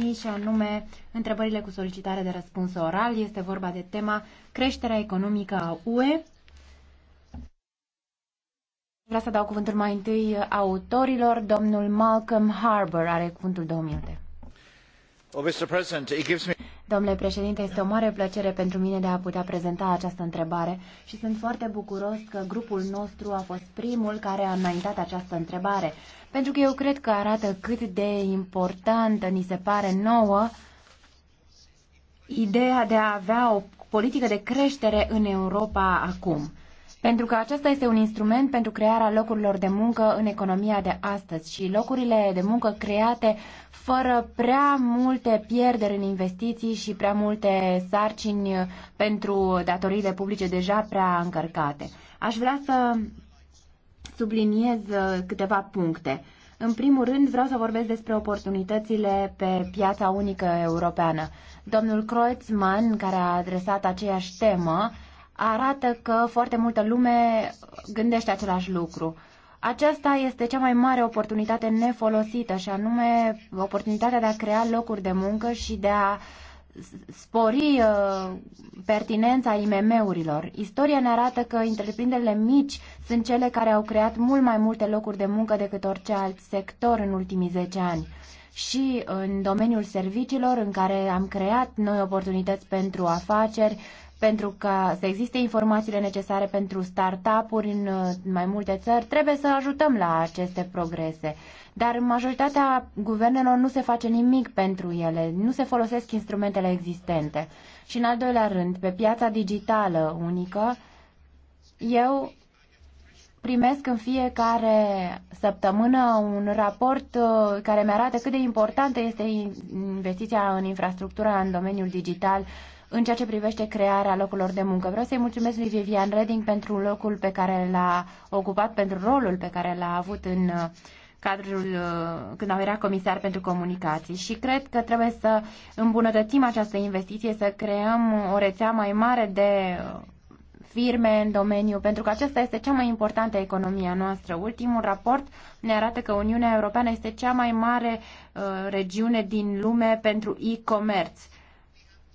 zi și anume întrebările cu solicitare de răspuns oral. Este vorba de tema creșterea economică a UE. Vreau să dau cuvântul mai întâi autorilor. Domnul Malcolm Harbour are cuvântul două minute. Well, Mr. President, it gives me... Domnule președinte, este o mare plăcere pentru mine de a putea prezenta această întrebare și sunt foarte bucuros că grupul nostru a fost primul care a înaintat această întrebare, pentru că eu cred că arată cât de importantă ni se pare nouă ideea de a avea o politică de creștere în Europa acum pentru că acesta este un instrument pentru crearea locurilor de muncă în economia de astăzi și locurile de muncă create fără prea multe pierderi în investiții și prea multe sarcini pentru datoriile publice deja prea încărcate. Aș vrea să subliniez uh, câteva puncte. În primul rând, vreau să vorbesc despre oportunitățile pe piața unică europeană. Domnul Kreutzmann, care a adresat aceeași temă, arată că foarte multă lume gândește același lucru. Aceasta este cea mai mare oportunitate nefolosită și anume oportunitatea de a crea locuri de muncă și de a spori uh, pertinența IMM-urilor. Istoria ne arată că întreprinderile mici sunt cele care au creat mult mai multe locuri de muncă decât orice alt sector în ultimii 10 ani. Și în domeniul serviciilor, în care am creat noi oportunități pentru afaceri, pentru că să existe informațiile necesare pentru startup-uri în mai multe țări, trebuie să ajutăm la aceste progrese. Dar majoritatea guvernelor nu se face nimic pentru ele, nu se folosesc instrumentele existente. Și în al doilea rând, pe piața digitală unică, eu primesc în fiecare săptămână un raport uh, care mi arată cât de importantă este investiția în infrastructura în domeniul digital în ceea ce privește crearea locurilor de muncă. Vreau să-i mulțumesc lui Vivian Redding pentru locul pe care l-a ocupat, pentru rolul pe care l-a avut în uh, cadrul uh, când era comisar pentru comunicații și cred că trebuie să îmbunătățim această investiție, să creăm o rețea mai mare de uh, firme în domeniu, pentru că acesta este cea mai importantă economie a noastră. Ultimul raport ne arată că Uniunea Europeană este cea mai mare uh, regiune din lume pentru e-commerce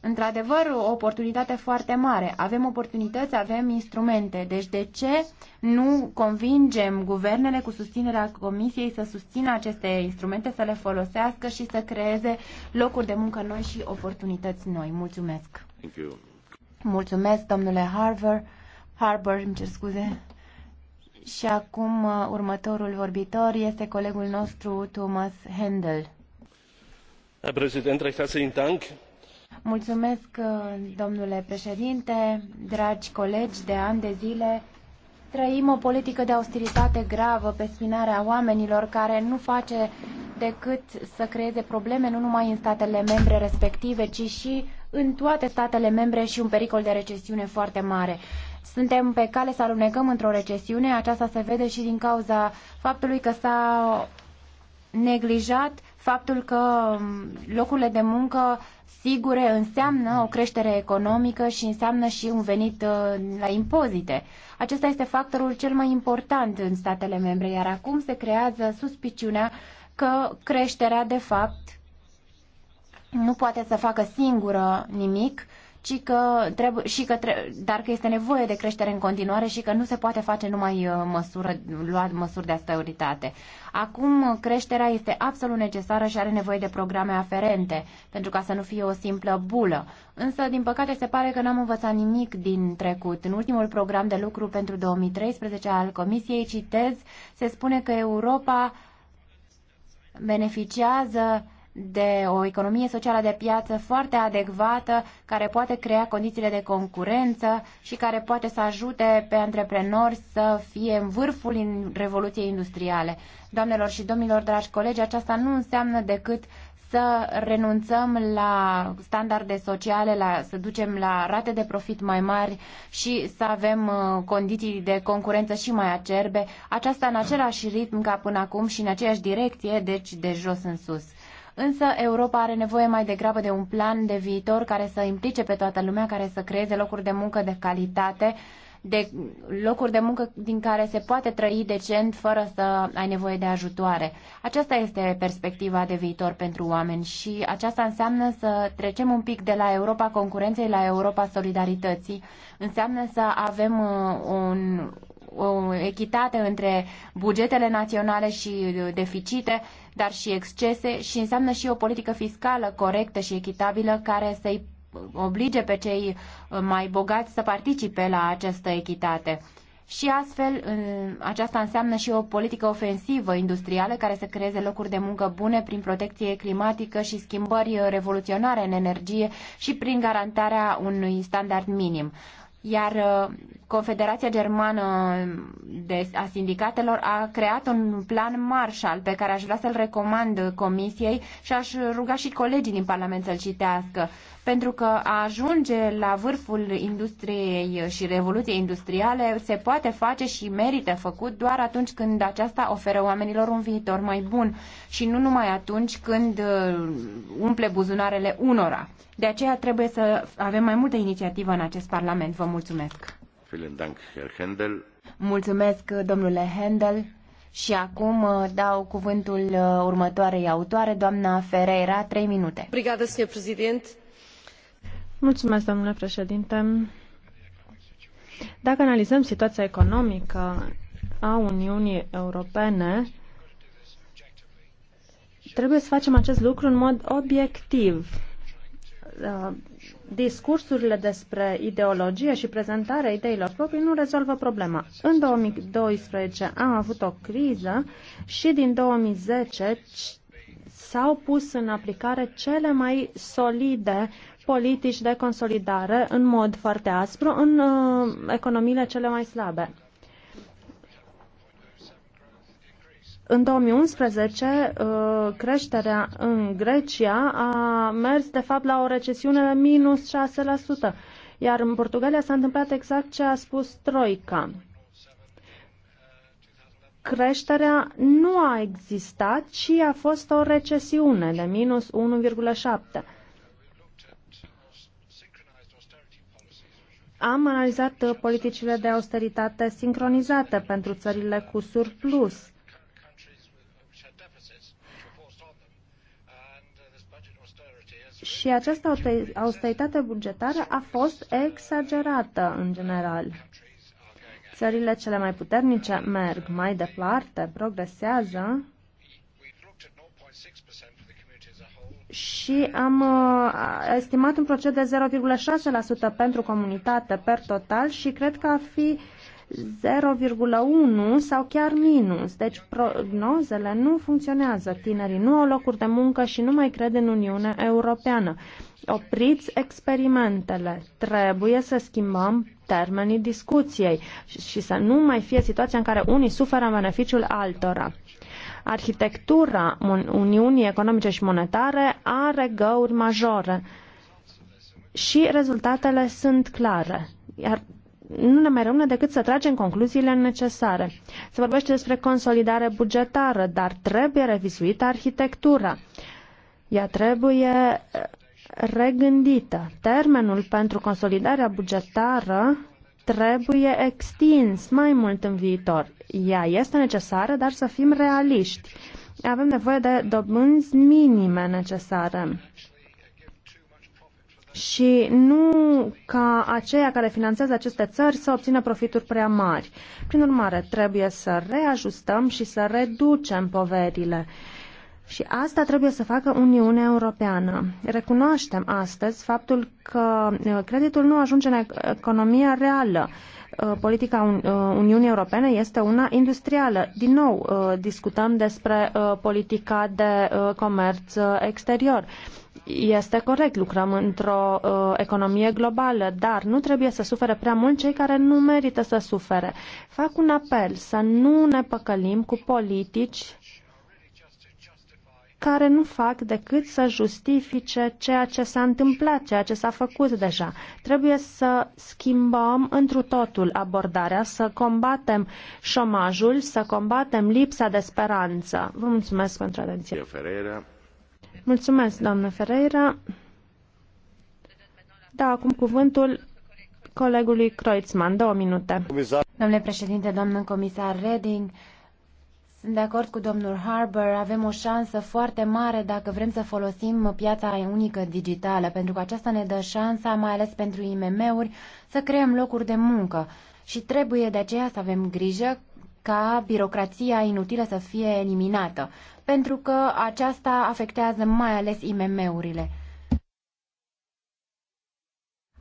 într-adevăr o oportunitate foarte mare. Avem oportunități, avem instrumente. Deci de ce nu convingem guvernele cu susținerea Comisiei să susțină aceste instrumente, să le folosească și să creeze locuri de muncă noi și oportunități noi? Mulțumesc! Thank you. Mulțumesc, domnule Harbour. Harbour, îmi cer scuze. Și acum uh, următorul vorbitor este colegul nostru Thomas Handel. Herr Präsident, recht herzlichen Dank. Mulțumesc, uh, domnule președinte, dragi colegi, de ani de zile trăim o politică de austeritate gravă pe spinarea oamenilor care nu face decât să creeze probleme nu numai în statele membre respective, ci și în toate statele membre și un pericol de recesiune foarte mare. Suntem pe cale să alunecăm într-o recesiune, aceasta se vede și din cauza faptului că s-a neglijat faptul că um, locurile de muncă sigure înseamnă o creștere economică și înseamnă și un venit uh, la impozite. Acesta este factorul cel mai important în statele membre, iar acum se creează suspiciunea că creșterea, de fapt, nu poate să facă singură nimic ci că trebuie, și că trebuie, dar că este nevoie de creștere în continuare și că nu se poate face numai uh, măsură, luat măsuri de austeritate. Acum creșterea este absolut necesară și are nevoie de programe aferente, pentru ca să nu fie o simplă bulă. Însă, din păcate, se pare că n-am învățat nimic din trecut. În ultimul program de lucru pentru 2013 al Comisiei, citez, se spune că Europa beneficiază de o economie socială de piață foarte adecvată, care poate crea condițiile de concurență și care poate să ajute pe antreprenori să fie în vârful în revoluției industriale. Doamnelor și domnilor, dragi colegi, aceasta nu înseamnă decât să renunțăm la standarde sociale, la, să ducem la rate de profit mai mari și să avem uh, condiții de concurență și mai acerbe. Aceasta în același ritm ca până acum și în aceeași direcție, deci de jos în sus. Însă Europa are nevoie mai degrabă de un plan de viitor care să implice pe toată lumea, care să creeze locuri de muncă de calitate, de locuri de muncă din care se poate trăi decent fără să ai nevoie de ajutoare. Aceasta este perspectiva de viitor pentru oameni și aceasta înseamnă să trecem un pic de la Europa concurenței la Europa solidarității. Înseamnă să avem uh, un, o echitate între bugetele naționale și deficite, dar și excese și înseamnă și o politică fiscală corectă și echitabilă care să-i oblige pe cei uh, mai bogați să participe la această echitate. Și astfel, aceasta înseamnă și o politică ofensivă industrială care să creeze locuri de muncă bune prin protecție climatică și schimbări revoluționare în energie și prin garantarea unui standard minim iar uh, Confederația Germană de, a Sindicatelor a creat un plan Marshall pe care aș vrea să-l recomand Comisiei și aș ruga și colegii din Parlament să-l citească pentru că a ajunge la vârful industriei și revoluției industriale se poate face și merită făcut doar atunci când aceasta oferă oamenilor un viitor mai bun și nu numai atunci când uh, umple buzunarele unora. De aceea trebuie să avem mai multă inițiativă în acest Parlament. Vă mulțumesc! Mulțumesc, domnule Handel. Și acum uh, dau cuvântul uh, următoarei autoare, doamna Ferreira, trei minute. Obrigada, senhor presidente. Mulțumesc, domnule președinte. Dacă analizăm situația economică a Uniunii Europene, trebuie să facem acest lucru în mod obiectiv. Uh, discursurile despre ideologie și prezentarea ideilor proprii nu rezolvă problema. În 2012 am avut o criză și din 2010 s-au pus în aplicare cele mai solide politici de consolidare în mod foarte aspru în uh, economiile cele mai slabe. În 2011, uh, creșterea în Grecia a mers, de fapt, la o recesiune de minus 6%, iar în Portugalia s-a întâmplat exact ce a spus Troica. Creșterea nu a existat, ci a fost o recesiune de minus 1,7%. Am analizat uh, politicile de austeritate sincronizate pentru țările cu surplus. Și această austeritate bugetară a fost exagerată în general. Țările cele mai puternice merg mai departe, progresează și am uh, estimat un procent de 0,6% pentru comunitate per total și cred că ar fi 0,1 sau chiar minus. Deci prognozele nu funcționează. Tinerii nu au locuri de muncă și nu mai cred în Uniunea Europeană. Opriți experimentele. Trebuie să schimbăm termenii discuției și să nu mai fie situația în care unii suferă în beneficiul altora arhitectura Uniunii Economice și Monetare are găuri majore și rezultatele sunt clare. Iar nu ne mai rămâne decât să tragem concluziile necesare. Se vorbește despre consolidare bugetară, dar trebuie revizuită arhitectura. Ea trebuie eh, regândită. Termenul pentru consolidarea bugetară trebuie extins mai mult în viitor. Ea este necesară, dar să fim realiști. Avem nevoie de dobânzi minime necesare și nu ca aceia care finanțează aceste țări să obțină profituri prea mari. Prin urmare, trebuie să reajustăm și să reducem poverile. Și asta trebuie să facă Uniunea Europeană. Recunoaștem astăzi faptul că uh, creditul nu ajunge în economia reală. Uh, politica uh, Uniunii Europene este una industrială. Din nou, discutăm despre politica de comerț exterior. Este corect, lucrăm într-o uh, economie globală, dar nu trebuie să sufere prea mult cei care nu merită să sufere. Fac un apel să nu ne păcălim cu politici care nu fac decât să justifice ceea ce s-a întâmplat, ceea ce s-a făcut deja. Trebuie să schimbăm întru totul abordarea, să combatem șomajul, să combatem lipsa de speranță. Vă mulțumesc pentru atenție. Mulțumesc, doamnă Ferreira. Da, acum cuvântul colegului Kreutzmann. Două minute. Domnule președinte, doamnă comisar Reding, sunt de acord cu domnul Harbour, avem o șansă foarte mare dacă vrem să folosim piața unică digitală, pentru că aceasta ne dă șansa, mai ales pentru IMM-uri, să creăm locuri de muncă. Și trebuie de aceea să avem grijă ca birocrația inutilă să fie eliminată, pentru că aceasta afectează mai ales IMM-urile.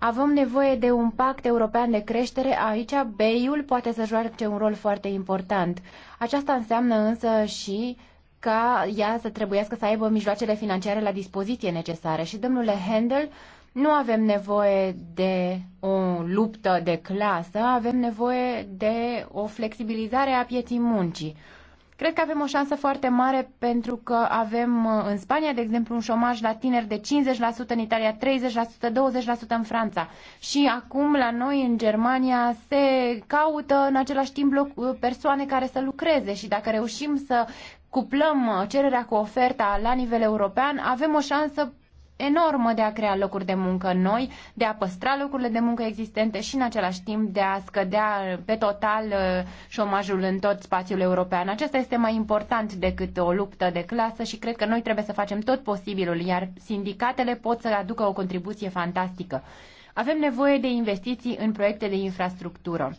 Avem nevoie de un pact european de creștere, aici BEI-ul poate să joace un rol foarte important. Aceasta înseamnă însă și ca ea să trebuiască să aibă mijloacele financiare la dispoziție necesare. Și, domnule Handel, nu avem nevoie de o luptă de clasă, avem nevoie de o flexibilizare a pieții muncii. Cred că avem o șansă foarte mare pentru că avem uh, în Spania, de exemplu, un șomaj la tineri de 50%, în Italia 30%, 20% în Franța. Și acum la noi, în Germania, se caută în același timp uh, persoane care să lucreze și dacă reușim să cuplăm uh, cererea cu oferta la nivel european, avem o șansă enormă de a crea locuri de muncă noi, de a păstra locurile de muncă existente și în același timp de a scădea uh, pe total uh, șomajul în tot spațiul european. Acesta este mai important decât o luptă de clasă și cred că noi trebuie să facem tot posibilul, iar sindicatele pot să aducă o contribuție fantastică. Avem nevoie de investiții în proiecte de infrastructură.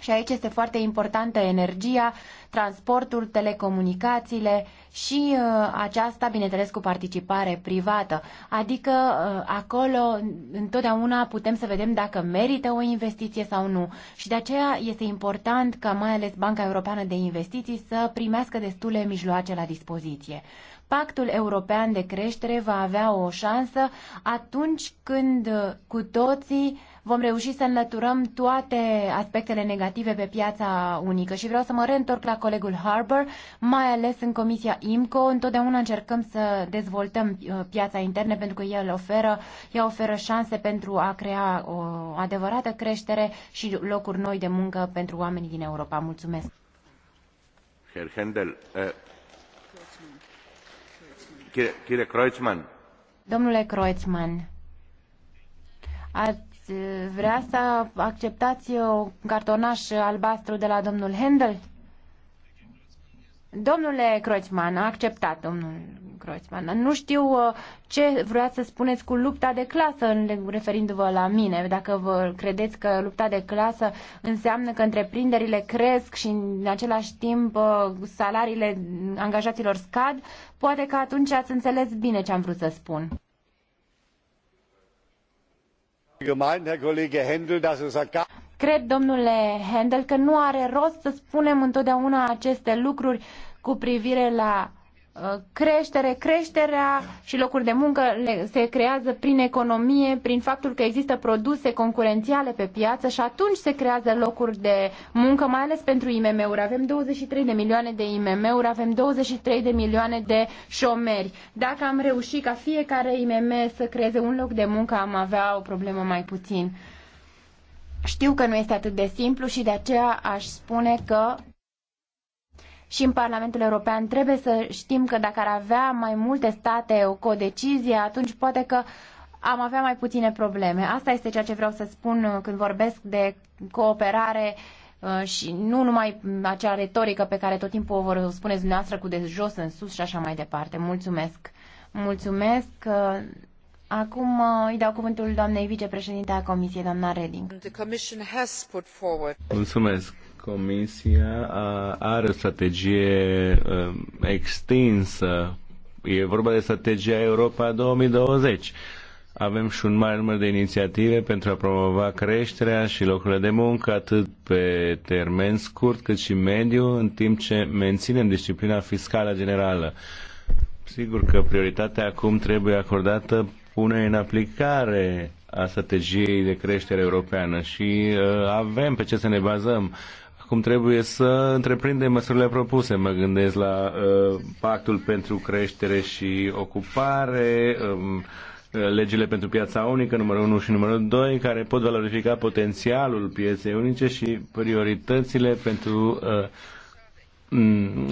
Și aici este foarte importantă energia, transportul, telecomunicațiile și uh, aceasta, bineînțeles, cu participare privată. Adică uh, acolo întotdeauna putem să vedem dacă merită o investiție sau nu. Și de aceea este important ca mai ales Banca Europeană de Investiții să primească destule mijloace la dispoziție pactul european de creștere va avea o șansă atunci când uh, cu toții vom reuși să înlăturăm toate aspectele negative pe piața unică. Și vreau să mă reîntorc la colegul Harbour, mai ales în Comisia IMCO. Întotdeauna încercăm să dezvoltăm uh, piața interne pentru că el oferă, ea oferă șanse pentru a crea o adevărată creștere și locuri noi de muncă pentru oamenii din Europa. Mulțumesc! Herr Händel, uh... Domnule Kreutzmann, ai vrea să acceptai un cartonaș albastru de la domnul Handel? Domnule Croțman, a acceptat domnul Croțman. Nu știu uh, ce vrea să spuneți cu lupta de clasă, referindu-vă la mine. Dacă vă credeți că lupta de clasă înseamnă că întreprinderile cresc și în același timp uh, salariile angajaților scad, poate că atunci ați înțeles bine ce am vrut să spun. Er Cred, domnule Handel, că nu are rost să spunem întotdeauna aceste lucruri cu privire la creștere, creșterea și locuri de muncă se creează prin economie, prin faptul că există produse concurențiale pe piață și atunci se creează locuri de muncă, mai ales pentru IMM-uri. Avem 23 de milioane de IMM-uri, avem 23 de milioane de șomeri. Dacă am reușit ca fiecare IMM să creeze un loc de muncă, am avea o problemă mai puțin. Știu că nu este atât de simplu și de aceea aș spune că și în Parlamentul European trebuie să știm că dacă ar avea mai multe state o codecizie, atunci poate că am avea mai puține probleme. Asta este ceea ce vreau să spun uh, când vorbesc de cooperare uh, și nu numai acea retorică pe care tot timpul o vor spune dumneavoastră cu de jos în sus și așa mai departe. Mulțumesc! Mulțumesc! Uh, acum îi dau cuvântul doamnei vicepreședinte a Comisiei, doamna Reding. Mulțumesc! Comisia are o strategie um, extinsă. E vorba de strategia Europa 2020. Avem și un mare număr de inițiative pentru a promova creșterea și locurile de muncă, atât pe termen scurt cât și mediu, în timp ce menținem disciplina fiscală generală. Sigur că prioritatea acum trebuie acordată pune în aplicare a strategiei de creștere europeană și uh, avem pe ce să ne bazăm. Cum trebuie să întreprinde măsurile propuse. Mă gândesc la uh, pactul pentru creștere și ocupare, um, uh, legile pentru piața unică, numărul 1 și numărul 2, care pot valorifica potențialul pieței unice și prioritățile pentru uh,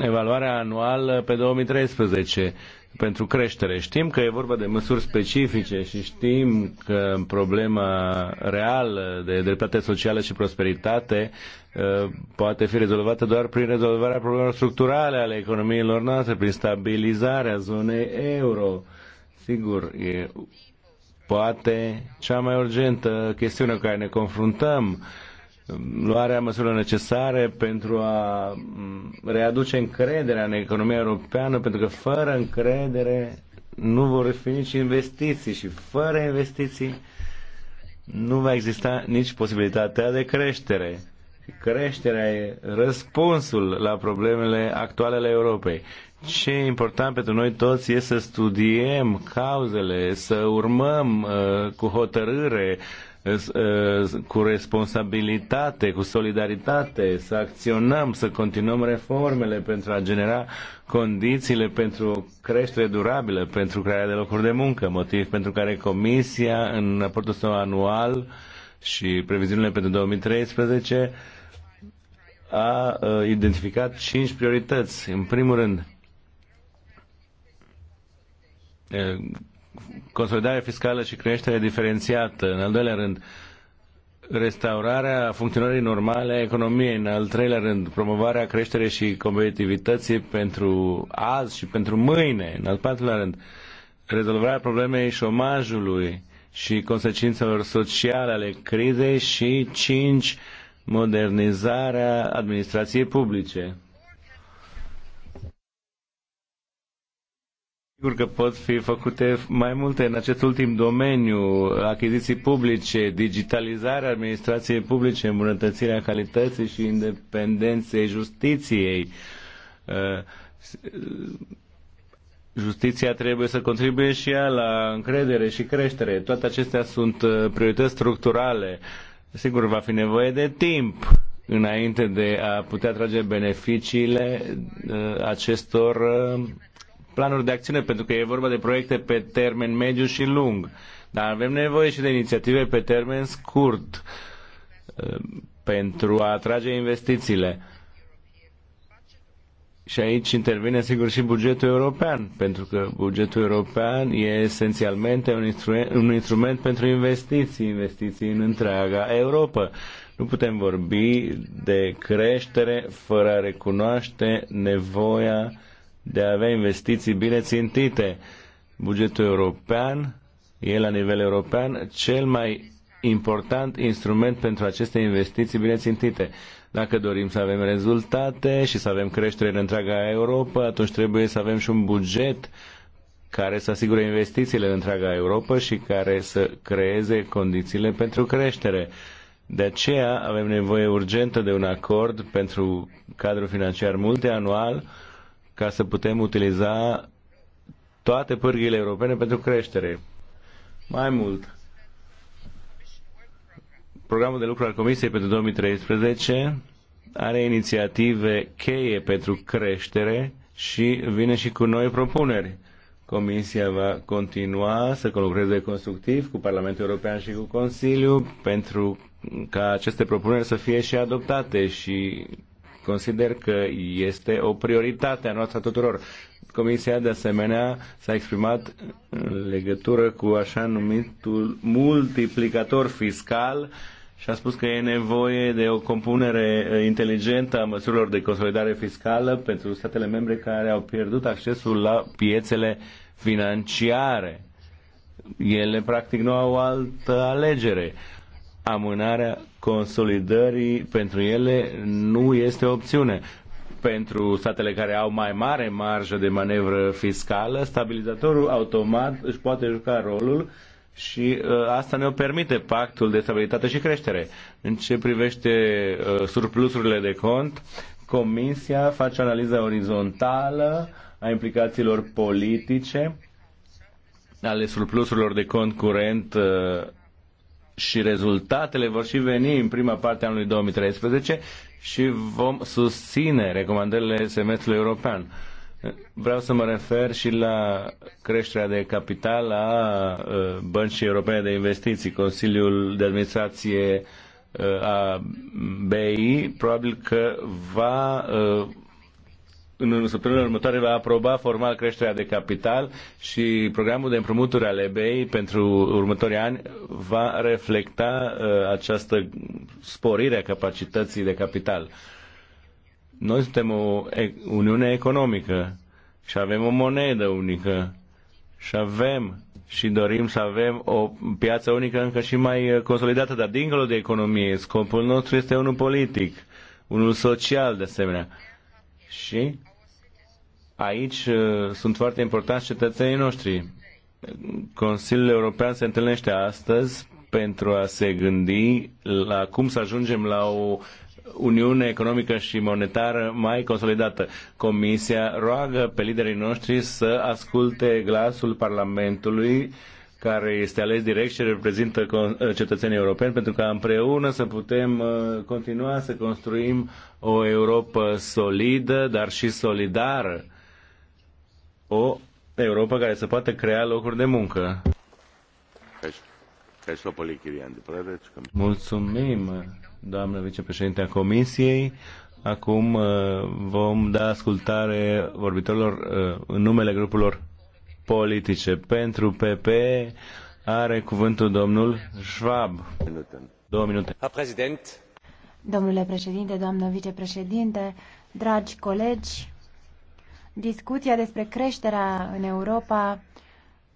evaluarea anuală pe 2013 pentru creștere. Știm că e vorba de măsuri specifice și știm că problema reală de dreptate socială și prosperitate Eh, poate fi rezolvată doar prin rezolvarea problemelor structurale ale economiilor noastre, prin stabilizarea zonei euro. Sigur, e poate cea mai urgentă chestiune cu care ne confruntăm, luarea măsurilor necesare pentru a mm, readuce încrederea în economia europeană, pentru că fără încredere nu vor fi nici investiții și fără investiții nu va exista nici posibilitatea de creștere creșterea e răspunsul la problemele actuale ale Europei. Ce e important pentru noi toți e să studiem cauzele, să urmăm uh, cu hotărâre, uh, uh, cu responsabilitate, cu solidaritate, să acționăm, să continuăm reformele pentru a genera condițiile pentru o creștere durabilă, pentru crearea de locuri de muncă, motiv pentru care Comisia, în raportul său anual și previziunile pentru 2013, a identificat cinci priorități. În primul rând, consolidarea fiscală și creștere diferențiată. În al doilea rând, restaurarea funcționării normale a economiei. În al treilea rând, promovarea creșterii și competitivității pentru azi și pentru mâine. În al patrulea rând, rezolvarea problemei șomajului și consecințelor sociale ale crizei și cinci modernizarea administrației publice. Sigur că pot fi făcute mai multe în acest ultim domeniu, achiziții publice, digitalizarea administrației publice, îmbunătățirea calității și independenței justiției. Uh, justiția trebuie să contribuie și ea la încredere și creștere. Toate acestea sunt uh, priorități structurale Sigur, va fi nevoie de timp înainte de a putea trage beneficiile uh, acestor uh, planuri de acțiune, pentru că e vorba de proiecte pe termen mediu și lung. Dar avem nevoie și de inițiative pe termen scurt uh, pentru a atrage investițiile și aici intervine, sigur, și bugetul european, pentru că bugetul european e esențialmente un instrument, un instrument pentru investiții, investiții în întreaga Europa. Nu putem vorbi de creștere fără a recunoaște nevoia de a avea investiții bine țintite. Bugetul european e la nivel european cel mai important instrument pentru aceste investiții bine țintite. Dacă dorim să avem rezultate și să avem creștere în întreaga Europa, atunci trebuie să avem și un buget care să asigure investițiile în întreaga Europa și care să creeze condițiile pentru creștere. De aceea avem nevoie urgentă de un acord pentru cadrul financiar multianual ca să putem utiliza toate pârghile europene pentru creștere. Mai mult, Programul de lucru al Comisiei pentru 2013 are inițiative cheie pentru creștere și vine și cu noi propuneri. Comisia va continua să colaboreze constructiv cu Parlamentul European și cu Consiliu pentru ca aceste propuneri să fie și adoptate și consider că este o prioritate a noastră tuturor. Comisia, de asemenea, s-a exprimat în legătură cu așa numitul multiplicator fiscal și a spus că e nevoie de o compunere uh, inteligentă a măsurilor de consolidare fiscală pentru statele membre care au pierdut accesul la piețele financiare. Ele practic nu au altă alegere. Amânarea consolidării pentru ele nu este opțiune. Pentru statele care au mai mare marjă de manevră fiscală, stabilizatorul automat își poate juca rolul și uh, asta ne-o permite pactul de stabilitate și creștere. În ce privește uh, surplusurile de cont, Comisia face analiza orizontală a implicațiilor politice ale surplusurilor de cont curent uh, și rezultatele vor și veni în prima parte a anului 2013 și vom susține recomandările semestrului european Vreau să mă refer și la creșterea de capital a Băncii Europene de Investiții. Consiliul de Administrație a BI probabil că va în săptămâna următoare va aproba formal creșterea de capital și programul de împrumuturi ale BEI pentru următorii ani va reflecta această sporire a capacității de capital. Noi suntem o uniune economică și avem o monedă unică și avem și dorim să avem o piață unică încă și mai uh, consolidată, dar dincolo de economie, scopul nostru este unul politic, unul social de asemenea. Și aici uh, sunt foarte importanți cetățenii noștri. Consiliul European se întâlnește astăzi pentru a se gândi la cum să ajungem la o Uniune economică și monetară mai consolidată. Comisia roagă pe liderii noștri să asculte glasul Parlamentului care este ales direct și reprezintă cetățenii europeni, pentru ca împreună să putem uh, continua să construim o Europa solidă, dar și solidară. O Europa care să poată crea locuri de muncă. Mulțumim! doamnă vicepreședinte a Comisiei. Acum uh, vom da ascultare vorbitorilor uh, în numele grupurilor politice. Pentru PP are cuvântul domnul Schwab. Două minute. Domnule președinte, doamnă vicepreședinte, dragi colegi, discuția despre creșterea în Europa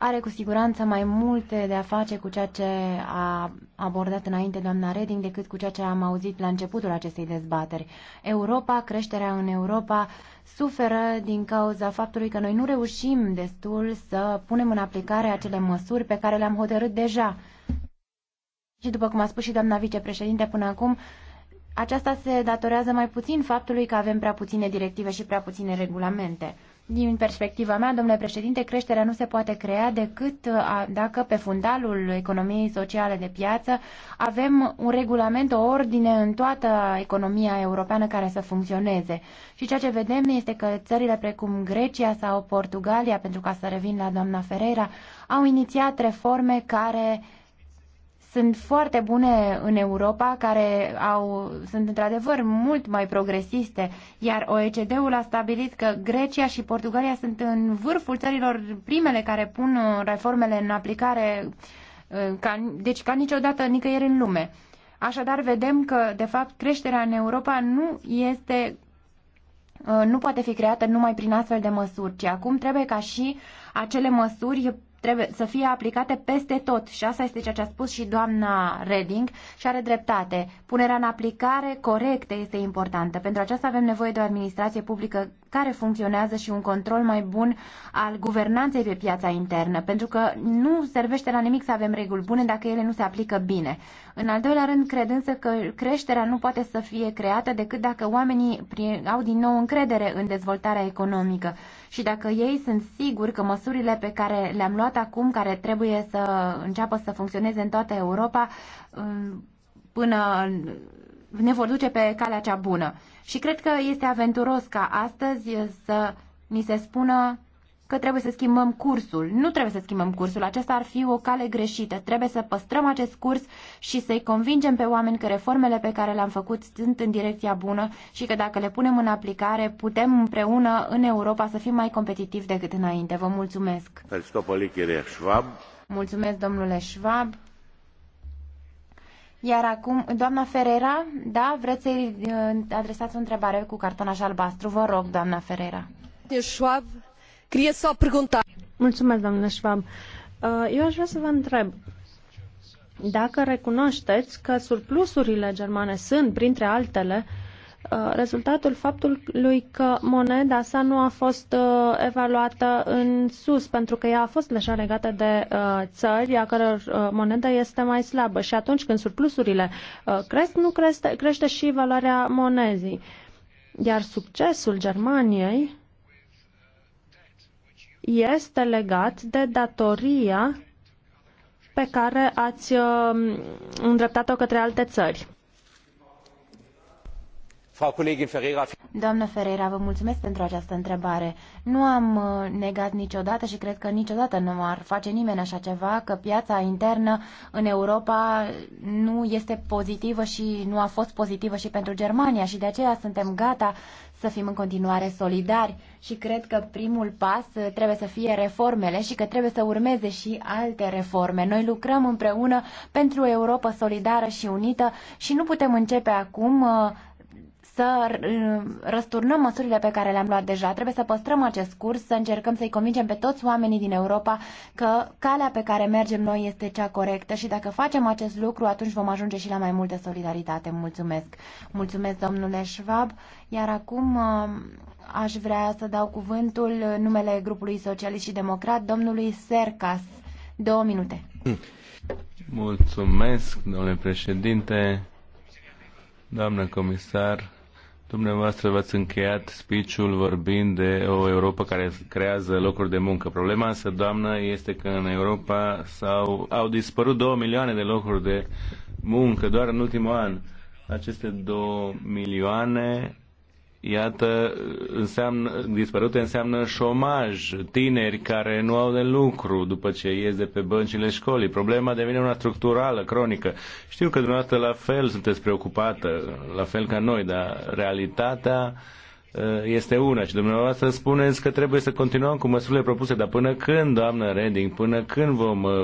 are cu siguranță mai multe de a face cu ceea ce a abordat înainte doamna Reding decât cu ceea ce am auzit la începutul acestei dezbateri. Europa, creșterea în Europa, suferă din cauza faptului că noi nu reușim destul să punem în aplicare acele măsuri pe care le-am hotărât deja. Și după cum a spus și doamna vicepreședinte până acum, aceasta se datorează mai puțin faptului că avem prea puține directive și prea puține regulamente. Din perspectiva mea, domnule președinte, creșterea nu se poate crea decât dacă pe fundalul economiei sociale de piață avem un regulament, o ordine în toată economia europeană care să funcționeze. Și ceea ce vedem este că țările precum Grecia sau Portugalia, pentru ca să revin la doamna Ferreira, au inițiat reforme care uh, sunt foarte bune în Europa, care au, sunt într-adevăr mult mai progresiste, iar OECD-ul a stabilit că Grecia și Portugalia sunt în vârful țărilor primele care pun uh, reformele în aplicare, uh, ca, deci ca niciodată nicăieri în lume. Așadar, vedem că, de fapt, creșterea în Europa nu este uh, nu poate fi creată numai prin astfel de măsuri, ci acum trebuie ca și acele măsuri trebuie să fie aplicate peste tot și asta este ceea ce a spus și doamna Reding și are dreptate. Punerea în aplicare corectă este importantă. Pentru aceasta avem nevoie de o administrație publică care funcționează și un control mai bun al guvernanței pe piața internă, pentru că nu servește la nimic să avem reguli bune dacă ele nu se aplică bine. În al doilea rând, cred însă că creșterea nu poate să fie creată decât dacă oamenii au din nou încredere în dezvoltarea economică și dacă ei sunt siguri că măsurile pe care le-am luat acum, care trebuie să înceapă să funcționeze în toată Europa, până ne vor duce pe calea cea bună. Și cred că este aventuros ca astăzi să ni se spună că trebuie să schimbăm cursul. Nu trebuie să schimbăm cursul, acesta ar fi o cale greșită. Trebuie să păstrăm acest curs și să-i convingem pe oameni că reformele pe care le-am făcut sunt în direcția bună și că dacă le punem în aplicare, putem împreună în Europa să fim mai competitivi decât înainte. Vă mulțumesc! Mulțumesc, domnule Schwab! Iar acum, doamna Ferera, da, vreți să-i uh, adresați o întrebare cu cartonaș albastru? Vă rog, doamna Ferera. Schwab, Queria só perguntar. Mulțumesc, doamnă Schwab. Uh, eu aș vrea să vă întreb dacă recunoașteți că surplusurile germane sunt, printre altele, uh, rezultatul faptului că moneda sa nu a fost uh, evaluată în sus, pentru că ea a fost deja legată de țări a căror monedă este mai slabă și atunci când surplusurile cresc, nu crește, crește și valoarea monezii. Iar succesul Germaniei este legat de datoria pe care ați uh, îndreptat-o către alte țări. Doamnă Ferreira, vă mulțumesc pentru această întrebare. Nu am uh, negat niciodată și cred că niciodată nu ar face nimeni așa ceva că piața internă în Europa nu este pozitivă și nu a fost pozitivă și pentru Germania și de aceea suntem gata să fim în continuare solidari și cred că primul pas uh, trebuie să fie reformele și că trebuie să urmeze și alte reforme. Noi lucrăm împreună pentru o Europa solidară și unită și nu putem începe acum uh, să uh, răsturnăm măsurile pe care le-am luat deja. Trebuie să păstrăm acest curs, să încercăm să-i convingem pe toți oamenii din Europa că calea pe care mergem noi este cea corectă și dacă facem acest lucru, atunci vom ajunge și la mai multă solidaritate. Mulțumesc! Mulțumesc, domnule Schwab! Iar acum uh, aș vrea să dau cuvântul numele grupului socialist și democrat, domnului Sercas. Două minute. Mulțumesc, domnule președinte, doamnă comisar, Dumneavoastră v-ați încheiat speech-ul vorbind de o Europa care creează locuri de muncă. Problema însă, doamnă, este că în Europa s-au, au dispărut două milioane de locuri de muncă doar în ultimul an. Aceste două milioane iată, înseamnă, dispărute înseamnă șomaj, tineri care nu au de lucru după ce ies de pe băncile școlii. Problema devine una structurală, cronică. Știu că dumneavoastră la fel sunteți preocupată, la fel ca noi, dar realitatea eh, este una și dumneavoastră spuneți că trebuie să continuăm cu măsurile propuse, dar până când, doamnă Reding, până când vom eh,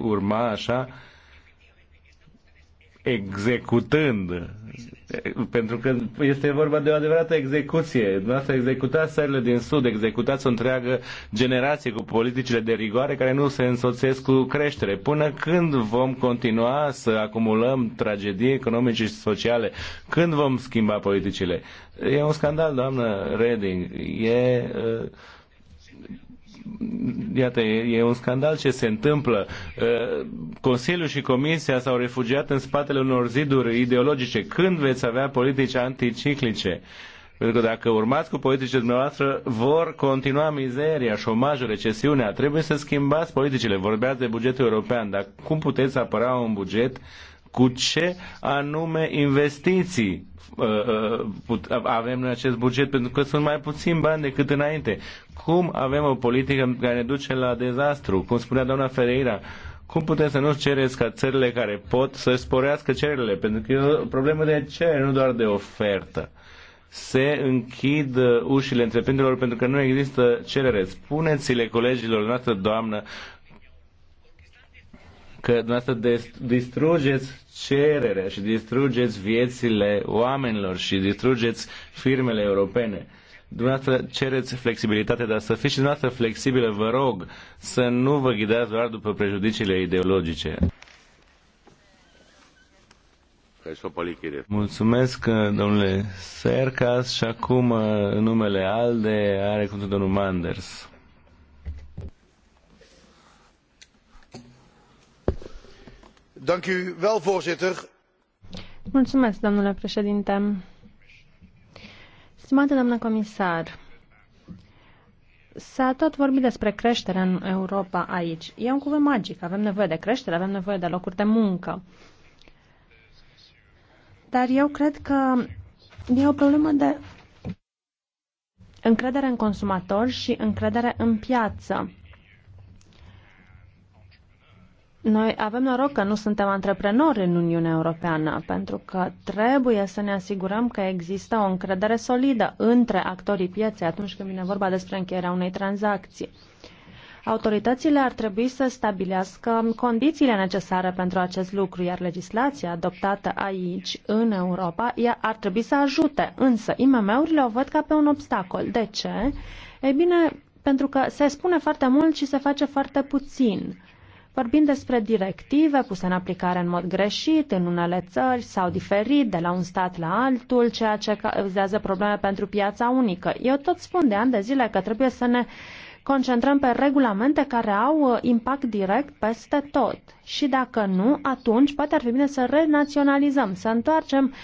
urma așa, executând. Pentru că este vorba de o adevărată execuție. Noastră executați țările din Sud, executați o întreagă generație cu politicile de rigoare care nu se însoțesc cu creștere. Până când vom continua să acumulăm tragedii economice și sociale? Când vom schimba politicile? E un scandal, doamnă Reding. E... Uh, iată, e, e un scandal ce se întâmplă. Uh, Consiliul și Comisia s-au refugiat în spatele unor ziduri ideologice. Când veți avea politici anticiclice? Pentru că dacă urmați cu politicile dumneavoastră, vor continua mizeria, șomajul, recesiunea. Trebuie să schimbați politicile. Vorbeați de bugetul european, dar cum puteți apăra un buget cu ce anume investiții uh, uh, avem în acest buget, pentru că sunt mai puțin bani decât înainte. Acum avem o politică care ne duce la dezastru. Cum spunea doamna Ferreira, cum putem să nu cereți ca țările care pot să sporească cererile? Pentru că e o problemă de cerere, nu doar de ofertă. Se închid uh, ușile întreprinderilor pentru că nu există cerere. Spuneți-le colegilor noastre, doamnă, că dumneavoastră distrugeți cererea și distrugeți viețile oamenilor și distrugeți firmele europene. Dumneavoastră cereți flexibilitate, dar să fiți și dumneavoastră flexibile, vă rog, să nu vă ghidați doar după prejudiciile ideologice. Mulțumesc, domnule Sercas, și acum uh, numele ALDE are cuvântul domnul Manders. Dank u wel, voorzitter. Mulțumesc, domnule președinte. Stimată doamnă comisar, S-a tot vorbit despre creștere în Europa aici. E un cuvânt magic. Avem nevoie de creștere, avem nevoie de locuri de muncă. Dar eu cred că e o problemă de încredere în consumator și încredere în piață. Noi avem noroc că nu suntem antreprenori în Uniunea Europeană, pentru că trebuie să ne asigurăm că există o încredere solidă între actorii pieței atunci când vine vorba despre încheierea unei tranzacții. Autoritățile ar trebui să stabilească condițiile necesare pentru acest lucru, iar legislația adoptată aici, în Europa, ea ar trebui să ajute. Însă, IMM-urile o văd ca pe un obstacol. De ce? Ei bine, pentru că se spune foarte mult și se face foarte puțin. Vorbim despre directive puse în aplicare în mod greșit în unele țări sau diferit de la un stat la altul, ceea ce cauzează probleme pentru piața unică. Eu tot spun de ani de zile că trebuie să ne concentrăm pe regulamente care au uh, impact direct peste tot și dacă nu, atunci poate ar fi bine să renaționalizăm, să întoarcem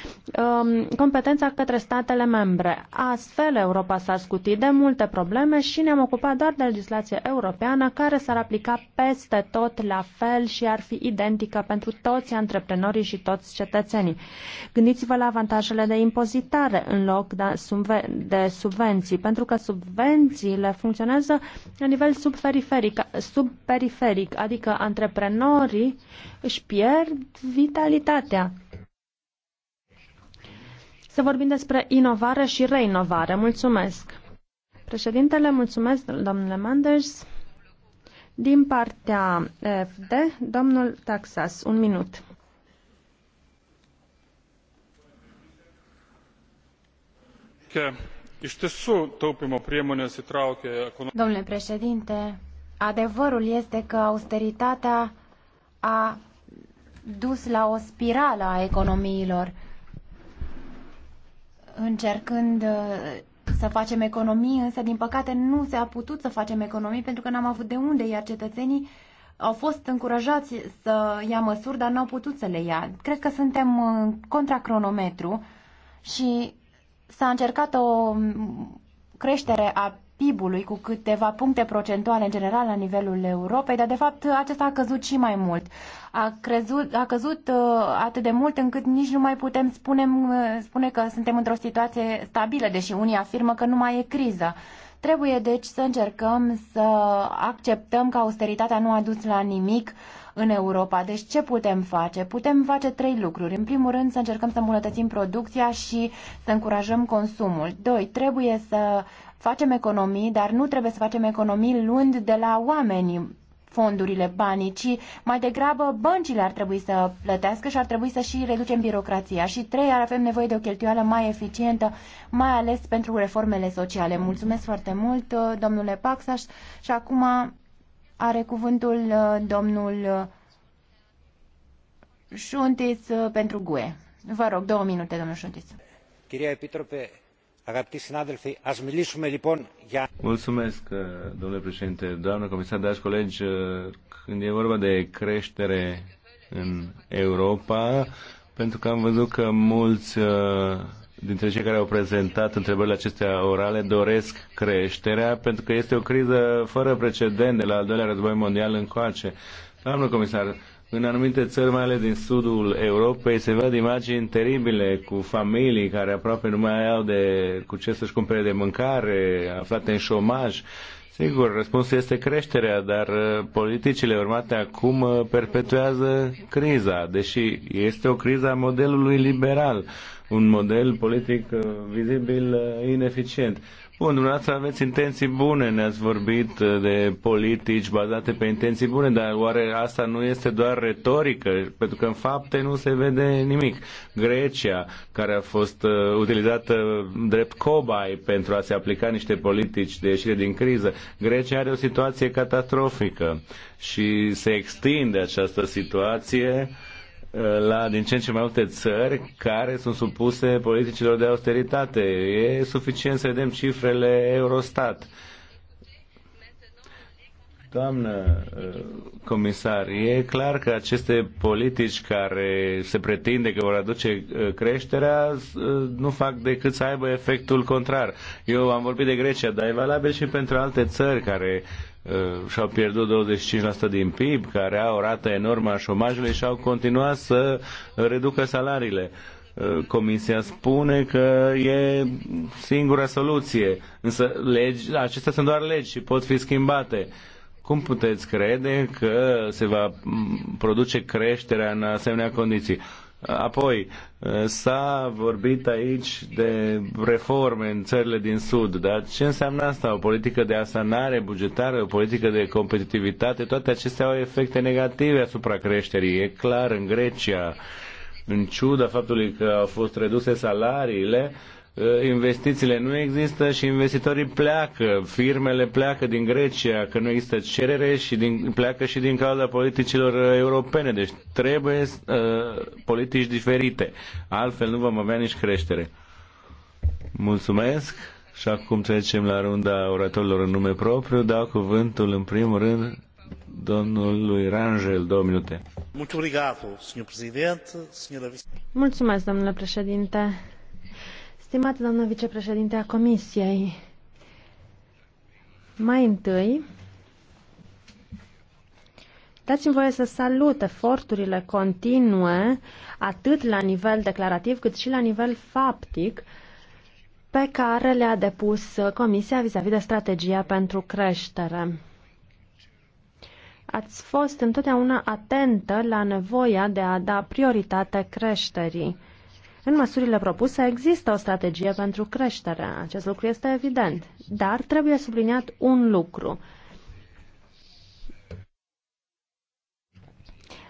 um, competența către statele membre. Astfel, Europa s-a scutit de multe probleme și ne-am ocupat doar de legislație europeană care s-ar aplica peste tot la fel și ar fi identică pentru toți antreprenorii și toți cetățenii. Gândiți-vă la avantajele de impozitare în loc de subvenții, pentru că subvențiile funcționează la nivel subperiferic, subperiferic adică antreprenori mori, își pierd vitalitatea. Să vorbim despre inovare și reinovare. Mulțumesc. Președintele, mulțumesc, domnule Manders. Din partea FD, domnul Taxas, un minut. Domnule președinte, adevărul este că austeritatea a dus la o spirală a economiilor, încercând uh, să facem economii, însă din păcate nu se a putut să facem economii pentru că n-am avut de unde, iar cetățenii au fost încurajați să ia măsuri, dar n-au putut să le ia. Cred că suntem contra cronometru și s-a încercat o creștere a PIB-ului cu câteva puncte procentuale în general la nivelul Europei, dar de fapt acesta a căzut și mai mult. A, crezut, a căzut uh, atât de mult încât nici nu mai putem spune, uh, spune că suntem într-o situație stabilă, deși unii afirmă că nu mai e criză. Trebuie deci să încercăm să acceptăm că austeritatea nu a dus la nimic în Europa. Deci ce putem face? Putem face trei lucruri. În primul rând să încercăm să îmbunătățim producția și să încurajăm consumul. Doi, trebuie să Facem economii, dar nu trebuie să facem economii luând de la oameni fondurile, banii, ci mai degrabă băncile ar trebui să plătească și ar trebui să și reducem birocrația. Și trei, ar avem nevoie de o cheltuială mai eficientă, mai ales pentru reformele sociale. Mulțumesc foarte mult, domnule Paxaș. Și acum are cuvântul domnul Șuntis pentru GUE. Vă rog, două minute, domnul Șuntis. Chiria Epitrope, Mulțumesc, uh, domnule președinte, doamnă comisar, dragi colegi, uh, când e vorba de creștere în Europa, pentru că am văzut că mulți uh, dintre cei care au prezentat întrebările acestea orale doresc creșterea, pentru că este o criză fără precedent de la al doilea război mondial încoace. Doamnă comisar, în anumite țări, mai ales din sudul Europei, se văd imagini teribile cu familii care aproape nu mai au de, cu ce să-și cumpere de mâncare, aflate în șomaj. Sigur, răspunsul este creșterea, dar uh, politicile urmate acum uh, perpetuează criza, deși este o criză a modelului liberal, un model politic uh, vizibil ineficient. Bun, dumneavoastră aveți intenții bune, ne-ați vorbit uh, de politici bazate pe intenții bune, dar oare asta nu este doar retorică? Pentru că în fapte nu se vede nimic. Grecia, care a fost uh, utilizată drept cobai pentru a se aplica niște politici de ieșire din criză, Grecia are o situație catastrofică și se extinde această situație uh, la din ce în ce mai multe țări care sunt supuse politicilor de austeritate. E suficient să vedem cifrele Eurostat. Doamnă uh, comisar, e clar că aceste politici care se pretinde că vor aduce uh, creșterea uh, nu fac decât să aibă efectul contrar. Eu am vorbit de Grecia, dar e valabil și pentru alte țări care uh, Uh, și-au pierdut 25% din PIB, care au o rată enormă a șomajului și au continuat să reducă salariile. Uh, comisia spune că e singura soluție, însă legi, acestea sunt doar legi și pot fi schimbate. Cum puteți crede că se va produce creșterea în asemenea condiții? Apoi, eh, s-a vorbit aici de reforme în țările din Sud, dar ce înseamnă asta? O politică de asanare bugetară, o politică de competitivitate, toate acestea au efecte negative asupra creșterii. E clar, în Grecia, în ciuda faptului că au fost reduse salariile, uh, investițiile nu există și investitorii pleacă, firmele pleacă din Grecia, că nu există cerere și din, pleacă și din cauza politicilor europene. Deci trebuie uh, politici diferite, altfel nu vom avea nici creștere. Mulțumesc și acum trecem la runda oratorilor în nume propriu. Dau cuvântul în primul rând domnului Rangel, două minute. Mulțumesc, domnule președinte. Stimată doamnă vicepreședinte a Comisiei, mai întâi, dați-mi voie să salut eforturile continue, atât la nivel declarativ cât și la nivel faptic, pe care le-a depus Comisia vis-a-vis -vis de strategia pentru creștere. Ați fost întotdeauna atentă la nevoia de a da prioritate creșterii. În măsurile propuse există o strategie pentru creștere, acest lucru este evident, dar trebuie subliniat un lucru.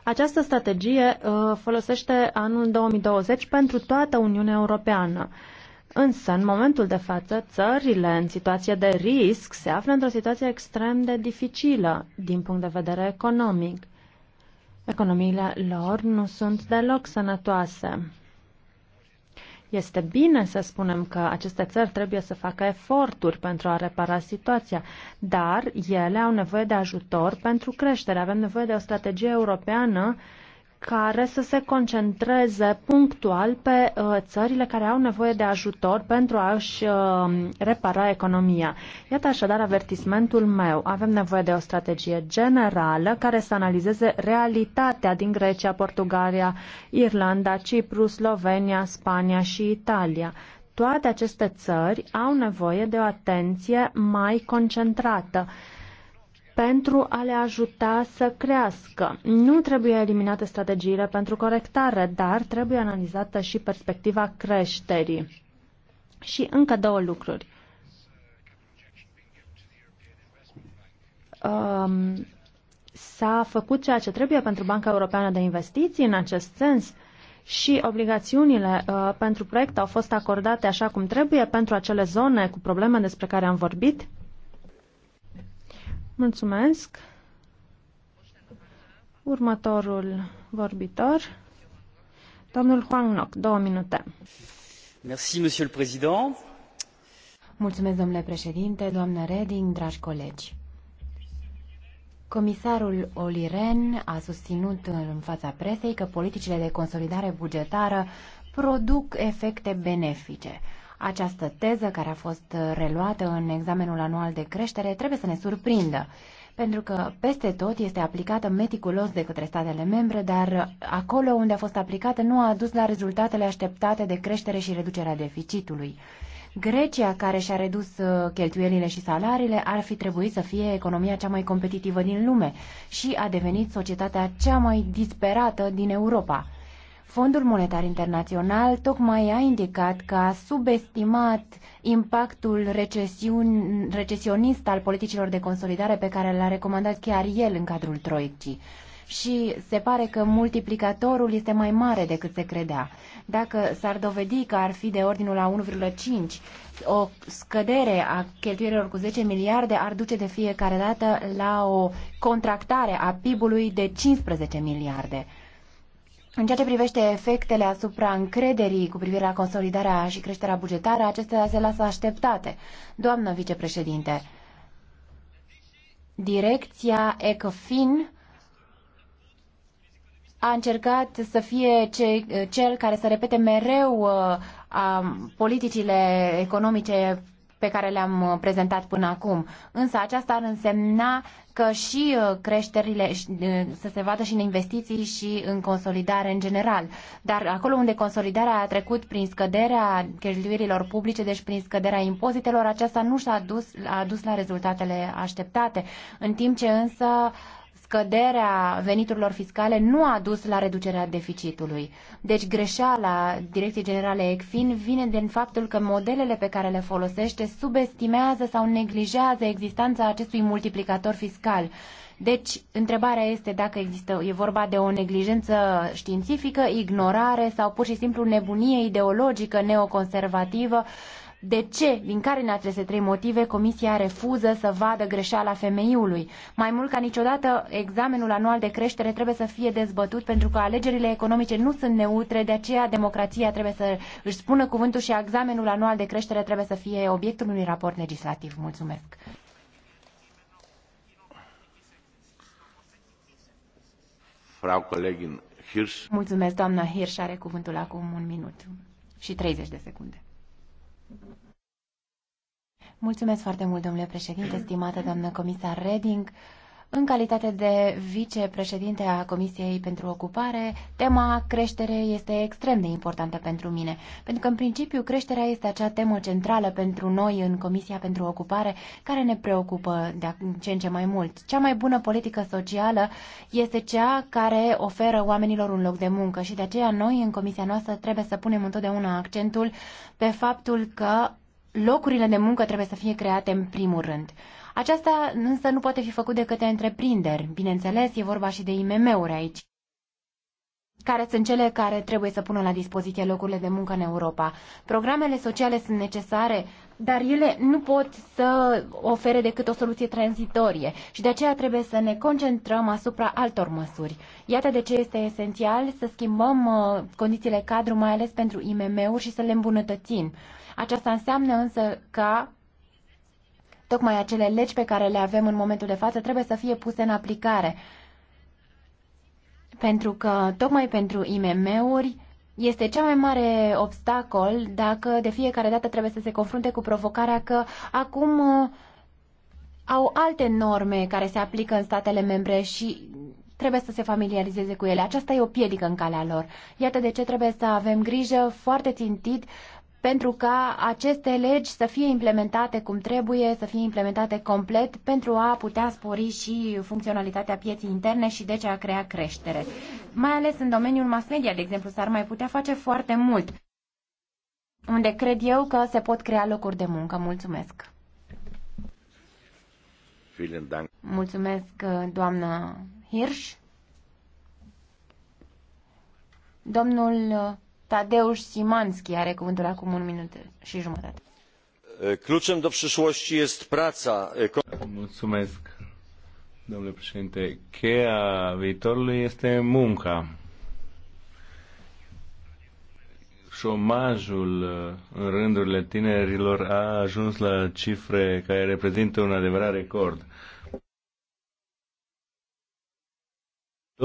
Această strategie uh, folosește anul 2020 pentru toată Uniunea Europeană. Însă, în momentul de față, țările în situație de risc se află într-o situație extrem de dificilă din punct de vedere economic. Economiile lor nu sunt deloc sănătoase. Este bine să spunem că aceste țări trebuie să facă eforturi pentru a repara situația, dar ele au nevoie de ajutor pentru creștere. Avem nevoie de o strategie europeană uh, care să se concentreze punctual pe uh, țările care au nevoie de ajutor pentru a-și uh, repara economia. Iată așadar avertismentul meu. Avem nevoie de o strategie generală care să analizeze realitatea din Grecia, Portugalia, Irlanda, Cipru, Slovenia, Spania și Italia toate aceste țări au nevoie de o atenție mai concentrată pentru a le ajuta să crească. Nu trebuie eliminate strategiile pentru corectare, dar trebuie analizată și perspectiva creșterii. Și încă două lucruri. Um, s-a făcut ceea ce trebuie pentru Banca Europeană de Investiții în acest sens și obligațiunile uh, pentru proiect au fost acordate așa cum trebuie pentru acele zone cu probleme despre care am vorbit? Mulțumesc. Următorul vorbitor, domnul Huang Noc, două minute. Merci, monsieur le président. Mulțumesc, domnule președinte, doamnă Reding, dragi colegi. Comisarul Oliren a susținut în fața presei că politicile de consolidare bugetară produc efecte benefice. Această teză care a fost reluată în examenul anual de creștere trebuie să ne surprindă pentru că peste tot este aplicată meticulos de către statele membre, dar acolo unde a fost aplicată nu a adus la rezultatele așteptate de creștere și reducerea deficitului. Grecia, care și-a redus uh, cheltuielile și salariile, ar fi trebuit să fie economia cea mai competitivă din lume și a devenit societatea cea mai disperată din Europa. Fondul Monetar Internațional tocmai a indicat că a subestimat impactul recesionist al politicilor de consolidare pe care l-a recomandat chiar el în cadrul Troicii. Și se pare că multiplicatorul este mai mare decât se credea. Dacă s-ar dovedi că ar fi de ordinul la 1,5, o scădere a cheltuielilor cu 10 miliarde ar duce de fiecare dată la o contractare a PIB-ului de 15 miliarde. În ceea ce privește efectele asupra încrederii cu privire la consolidarea și creșterea bugetară, acestea se lasă așteptate. Doamnă vicepreședinte, direcția ECOFIN a încercat să fie ce, cel care să repete mereu uh, politicile economice pe care le-am uh, prezentat până acum. Însă aceasta ar însemna că și uh, creșterile uh, să se vadă și în investiții și în consolidare în general. Dar acolo unde consolidarea a trecut prin scăderea cheltuielilor publice, deci prin scăderea impozitelor, aceasta nu și-a dus, a dus la rezultatele așteptate. În timp ce însă scăderea veniturilor fiscale nu a dus la reducerea deficitului. Deci greșeala Direcției Generale ECFIN vine din faptul că modelele pe care le folosește subestimează sau neglijează existența acestui multiplicator fiscal. Deci, întrebarea este dacă există, e vorba de o neglijență științifică, ignorare sau pur și simplu nebunie ideologică neoconservativă uh, de ce, din care din aceste trei motive, Comisia refuză să vadă greșeala femeiului. Mai mult ca niciodată, examenul anual de creștere trebuie să fie dezbătut pentru că alegerile economice nu sunt neutre, de aceea democrația trebuie să își spună cuvântul și examenul anual de creștere trebuie să fie obiectul unui raport legislativ. Mulțumesc! Frau Kollegin Hirsch. Mulțumesc, doamna Hirsch. Are cuvântul acum un minut și 30 de secunde. Mulțumesc foarte mult, domnule președinte, stimată doamnă comisar Reding. În calitate de vicepreședinte a Comisiei pentru Ocupare, tema creștere este extrem de importantă pentru mine, pentru că, în principiu, creșterea este acea temă centrală pentru noi în Comisia pentru Ocupare, care ne preocupă de ce în ce mai mult. Cea mai bună politică socială este cea care oferă oamenilor un loc de muncă și de aceea noi, în Comisia noastră, trebuie să punem întotdeauna accentul pe faptul că locurile de muncă trebuie să fie create în primul rând. Aceasta însă nu poate fi făcut de către întreprinderi. Bineînțeles, e vorba și de IMM-uri aici care sunt cele care trebuie să pună la dispoziție locurile de muncă în Europa. Programele sociale sunt necesare, dar ele nu pot să ofere decât o soluție tranzitorie și de aceea trebuie să ne concentrăm asupra altor măsuri. Iată de ce este esențial să schimbăm uh, condițiile cadru, mai ales pentru IMM-uri și să le îmbunătățim. Aceasta înseamnă însă ca tocmai acele legi pe care le avem în momentul de față trebuie să fie puse în aplicare. Pentru că, tocmai pentru IMM-uri, este cea mai mare obstacol dacă de fiecare dată trebuie să se confrunte cu provocarea că acum uh, au alte norme care se aplică în statele membre și trebuie să se familiarizeze cu ele. Aceasta e o piedică în calea lor. Iată de ce trebuie să avem grijă foarte țintit pentru ca aceste legi să fie implementate cum trebuie, să fie implementate complet pentru a putea spori și funcționalitatea pieții interne și deci a crea creștere. Mai ales în domeniul mass media, de exemplu, s-ar mai putea face foarte mult, unde cred eu că se pot crea locuri de muncă. Mulțumesc! Mulțumesc, uh, doamnă Hirsch. Domnul uh, Tadeusz Simanski are cuvântul acum un minut și jumătate. Kluczem do przyszłości jest praca. Mulțumesc, domnule președinte. Cheia viitorului este munca. șomajul în rândurile tinerilor a ajuns la cifre care reprezintă un adevărat record. 23%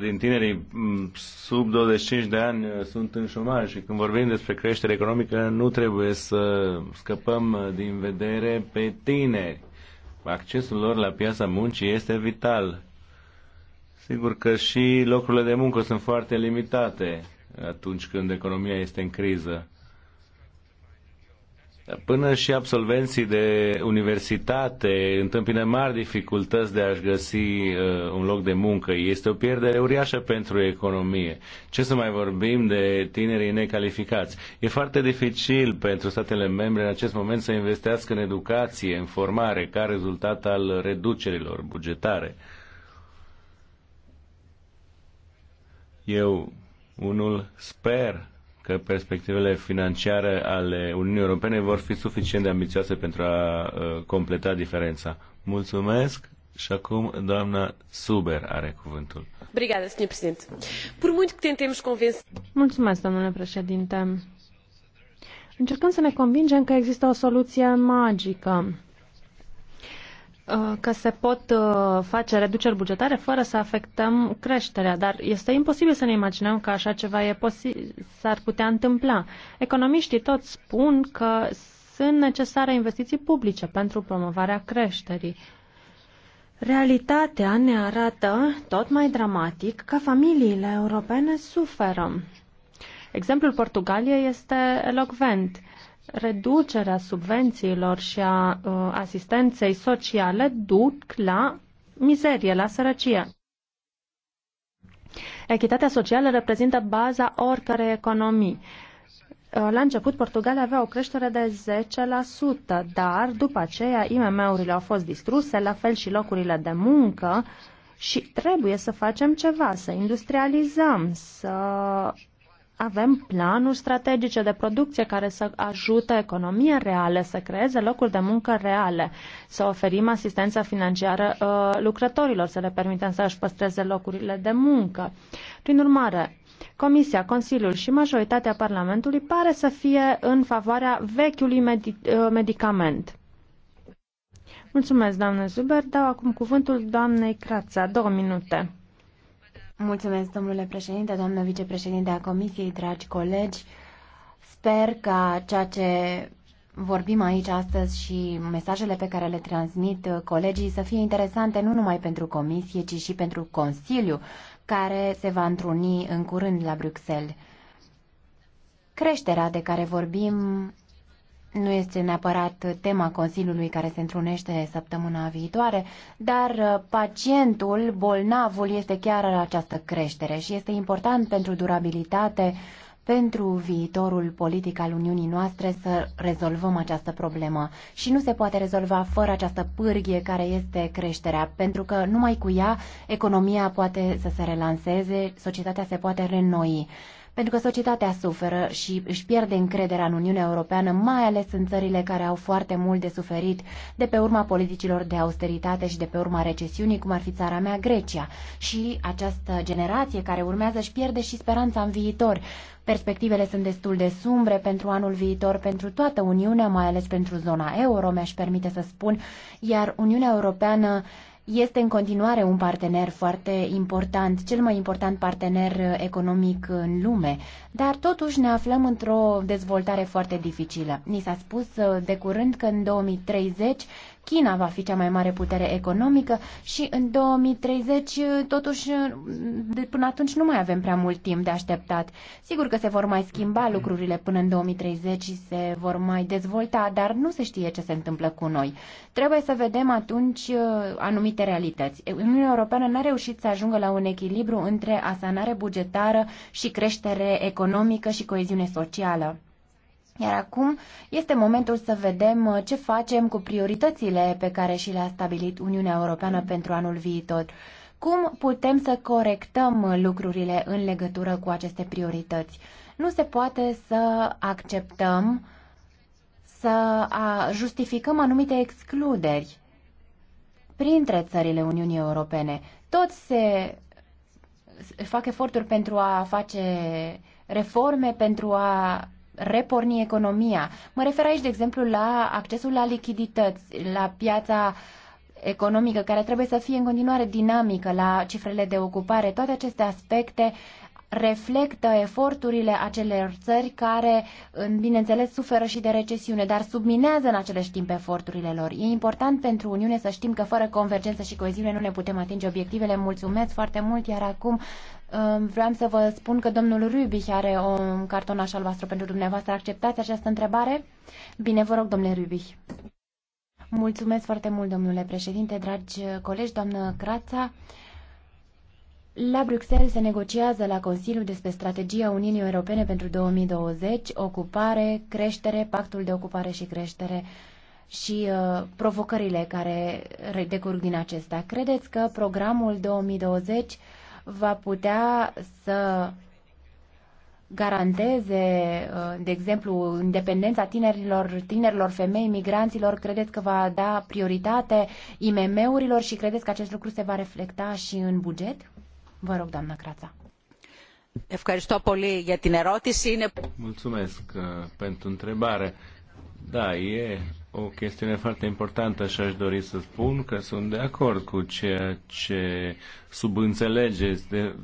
din tinerii mm, sub 25 de ani eh, sunt în șomaj și când vorbim despre creștere economică nu trebuie să scăpăm eh, din vedere pe tineri. Accesul lor la piața muncii este vital. Sigur că și locurile de muncă sunt foarte limitate atunci când economia este în criză. Până și absolvenții de universitate întâmpină mari dificultăți de a-și găsi uh, un loc de muncă. Este o pierdere uriașă pentru economie. Ce să mai vorbim de tinerii necalificați? E foarte dificil pentru statele membre în acest moment să investească în educație, în formare, ca rezultat al reducerilor bugetare. Eu, unul, sper că perspectivele financiare ale Uniunii Europene vor fi suficient de ambițioase pentru a uh, completa diferența. Mulțumesc și acum doamna Suber are cuvântul. Obrigada, Presidente. Por muito que tentemos convencer... Mulțumesc, domnule președinte. Încercăm să ne convingem că există o soluție magică Uh, că se pot uh, face reduceri bugetare fără să afectăm creșterea, dar este imposibil să ne imaginăm că așa ceva e posi- s-ar putea întâmpla. Economiștii toți spun că sunt necesare investiții publice pentru promovarea creșterii. Realitatea ne arată tot mai dramatic că familiile europene suferă. Exemplul Portugaliei este elocvent reducerea subvențiilor și a uh, asistenței sociale duc la mizerie, la sărăcie. Echitatea socială reprezintă baza oricărei economii. Uh, la început, Portugalia avea o creștere de 10%, dar după aceea IMM-urile au fost distruse, la fel și locurile de muncă și trebuie să facem ceva, să industrializăm, să avem planuri strategice de producție care să ajute economia reală, să creeze locuri de muncă reale, să oferim asistență financiară uh, lucrătorilor, să le permitem să își păstreze locurile de muncă. Prin urmare, Comisia, Consiliul și majoritatea Parlamentului pare să fie în favoarea vechiului medi- uh, medicament. Mulțumesc, doamnă Zuber. Dau acum cuvântul doamnei Crața. Două minute. Mulțumesc, domnule președinte, doamnă vicepreședinte a Comisiei, dragi colegi. Sper că ceea ce vorbim aici astăzi și mesajele pe care le transmit colegii să fie interesante nu numai pentru Comisie, ci și pentru Consiliu, care se va întruni în curând la Bruxelles. Creșterea de care vorbim nu este neapărat tema Consiliului care se întrunește săptămâna viitoare, dar uh, pacientul, bolnavul, este chiar această creștere și este important pentru durabilitate, pentru viitorul politic al Uniunii noastre să rezolvăm această problemă. Și nu se poate rezolva fără această pârghie care este creșterea, pentru că numai cu ea economia poate să se relanseze, societatea se poate renoi pentru că societatea suferă și își pierde încrederea în Uniunea Europeană, mai ales în țările care au foarte mult de suferit de pe urma politicilor de austeritate și de pe urma recesiunii, cum ar fi țara mea, Grecia. Și această generație care urmează își pierde și speranța în viitor. Perspectivele sunt destul de sumbre pentru anul viitor, pentru toată Uniunea, mai ales pentru zona euro, mi-aș permite să spun, iar Uniunea Europeană este în continuare un partener foarte important, cel mai important partener uh, economic în lume, dar totuși ne aflăm într-o dezvoltare foarte dificilă. Ni s-a spus uh, de curând că în 2030 China va fi cea mai mare putere economică și în 2030, totuși, de până atunci nu mai avem prea mult timp de așteptat. Sigur că se vor mai schimba lucrurile până în 2030 și se vor mai dezvolta, dar nu se știe ce se întâmplă cu noi. Trebuie să vedem atunci uh, anumite realități. Uniunea Europeană n-a reușit să ajungă la un echilibru între asanare bugetară și creștere economică și coeziune socială. Iar acum este momentul să vedem uh, ce facem cu prioritățile pe care și le-a stabilit Uniunea Europeană pentru anul viitor. Cum putem să corectăm uh, lucrurile în legătură cu aceste priorități? Nu se poate să acceptăm să justificăm anumite excluderi printre țările Uniunii Europene. tot se fac eforturi pentru a face reforme, pentru a reporni economia. Mă refer aici, de exemplu, la accesul la lichidități, la piața economică, care trebuie să fie în continuare dinamică, la cifrele de ocupare. Toate aceste aspecte reflectă eforturile acelor țări care, bineînțeles, suferă și de recesiune, dar subminează în același timp eforturile lor. E important pentru Uniune să știm că fără convergență și coeziune nu ne putem atinge obiectivele. Mulțumesc foarte mult, iar acum uh, vreau să vă spun că domnul Rubich are un cartonaș albastru pentru dumneavoastră. Acceptați această întrebare? Bine, vă rog, domnule Rubich. Mulțumesc foarte mult, domnule președinte, dragi colegi, doamnă Crața. La Bruxelles se negociază la Consiliu despre strategia Uniunii Europene pentru 2020, ocupare, creștere, pactul de ocupare și creștere și uh, provocările care decurg din acesta. Credeți că programul 2020 va putea să garanteze, uh, de exemplu, independența tinerilor, tinerilor femei, migranților, credeți că va da prioritate IMM-urilor și credeți că acest lucru se va reflecta și în buget? Vă rog, doamna Crața. Mulțumesc uh, pentru întrebare. Da, e o chestiune foarte importantă și aș dori să spun că sunt de acord cu ceea ce subînțelegeți, de,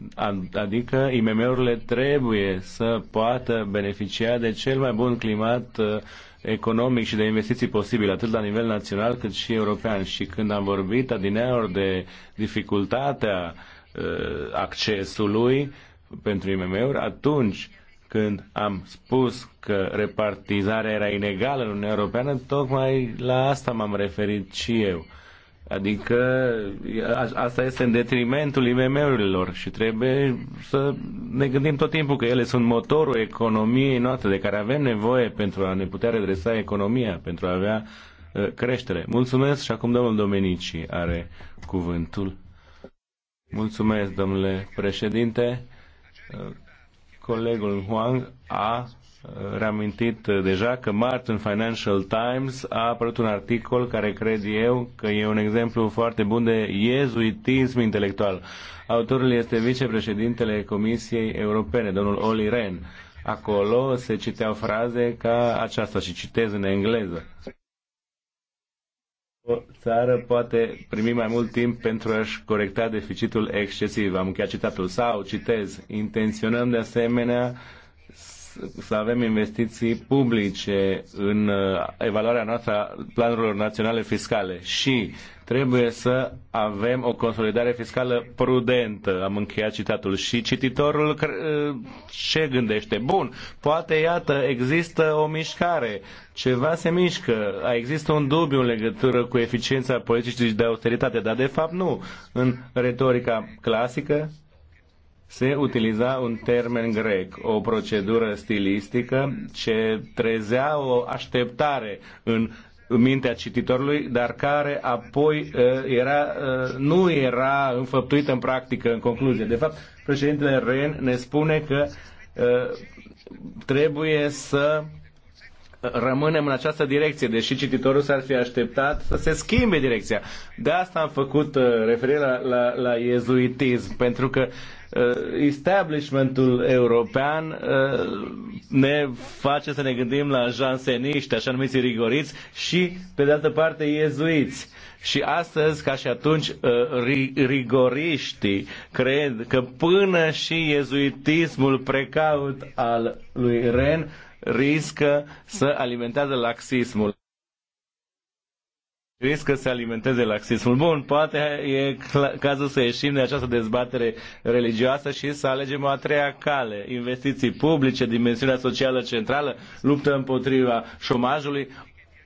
adică IMM-urile trebuie să poată beneficia de cel mai bun climat uh, economic și de investiții posibil, atât la nivel național cât și european. Și când am vorbit adineori de dificultatea uh, Uh, accesului pentru IMM-uri, atunci când am spus că repartizarea era inegală în Uniunea Europeană, tocmai la asta m-am referit și eu. Adică asta este în detrimentul IMM-urilor și trebuie să ne gândim tot timpul că ele sunt motorul economiei noastre de care avem nevoie pentru a ne putea redresa economia, pentru a avea uh, creștere. Mulțumesc și acum domnul Domenici are cuvântul. Mulțumesc, domnule președinte. Colegul Huang a reamintit deja că Martin Financial Times a apărut un articol care cred eu că e un exemplu foarte bun de iezuitism intelectual. Autorul este vicepreședintele Comisiei Europene, domnul Oli Ren. Acolo se citeau fraze ca aceasta și citez în engleză o țară poate primi mai mult timp pentru a-și corecta deficitul excesiv. Am încheiat citatul. Sau, citez, intenționăm de asemenea să avem investiții publice în uh, evaluarea noastră a planurilor naționale fiscale și trebuie să avem o consolidare fiscală prudentă. Am încheiat citatul și cititorul ce gândește? Bun, poate iată, există o mișcare, ceva se mișcă, există un dubiu în legătură cu eficiența politicii de austeritate, dar de fapt nu. În retorica clasică se utiliza un termen grec, o procedură stilistică ce trezea o așteptare în în mintea cititorului, dar care apoi uh, era, uh, nu era înfăptuită în practică, în concluzie. De fapt, președintele Ren ne spune că uh, trebuie să rămânem în această direcție, deși cititorul s-ar fi așteptat să se schimbe direcția. De asta am făcut uh, referire la, la, la iezuitism, pentru că uh, establishmentul european uh, ne face să ne gândim la janseniști, așa numiți rigoriți, și, pe de altă parte, iezuiți. Și astăzi, ca și atunci, rigoriștii cred că până și iezuitismul precaut al lui Ren riscă să alimentează laxismul riscă să alimenteze laxismul. Bun, poate e cazul să ieșim de această dezbatere religioasă și să alegem o a treia cale. Investiții publice, dimensiunea socială centrală, luptă împotriva șomajului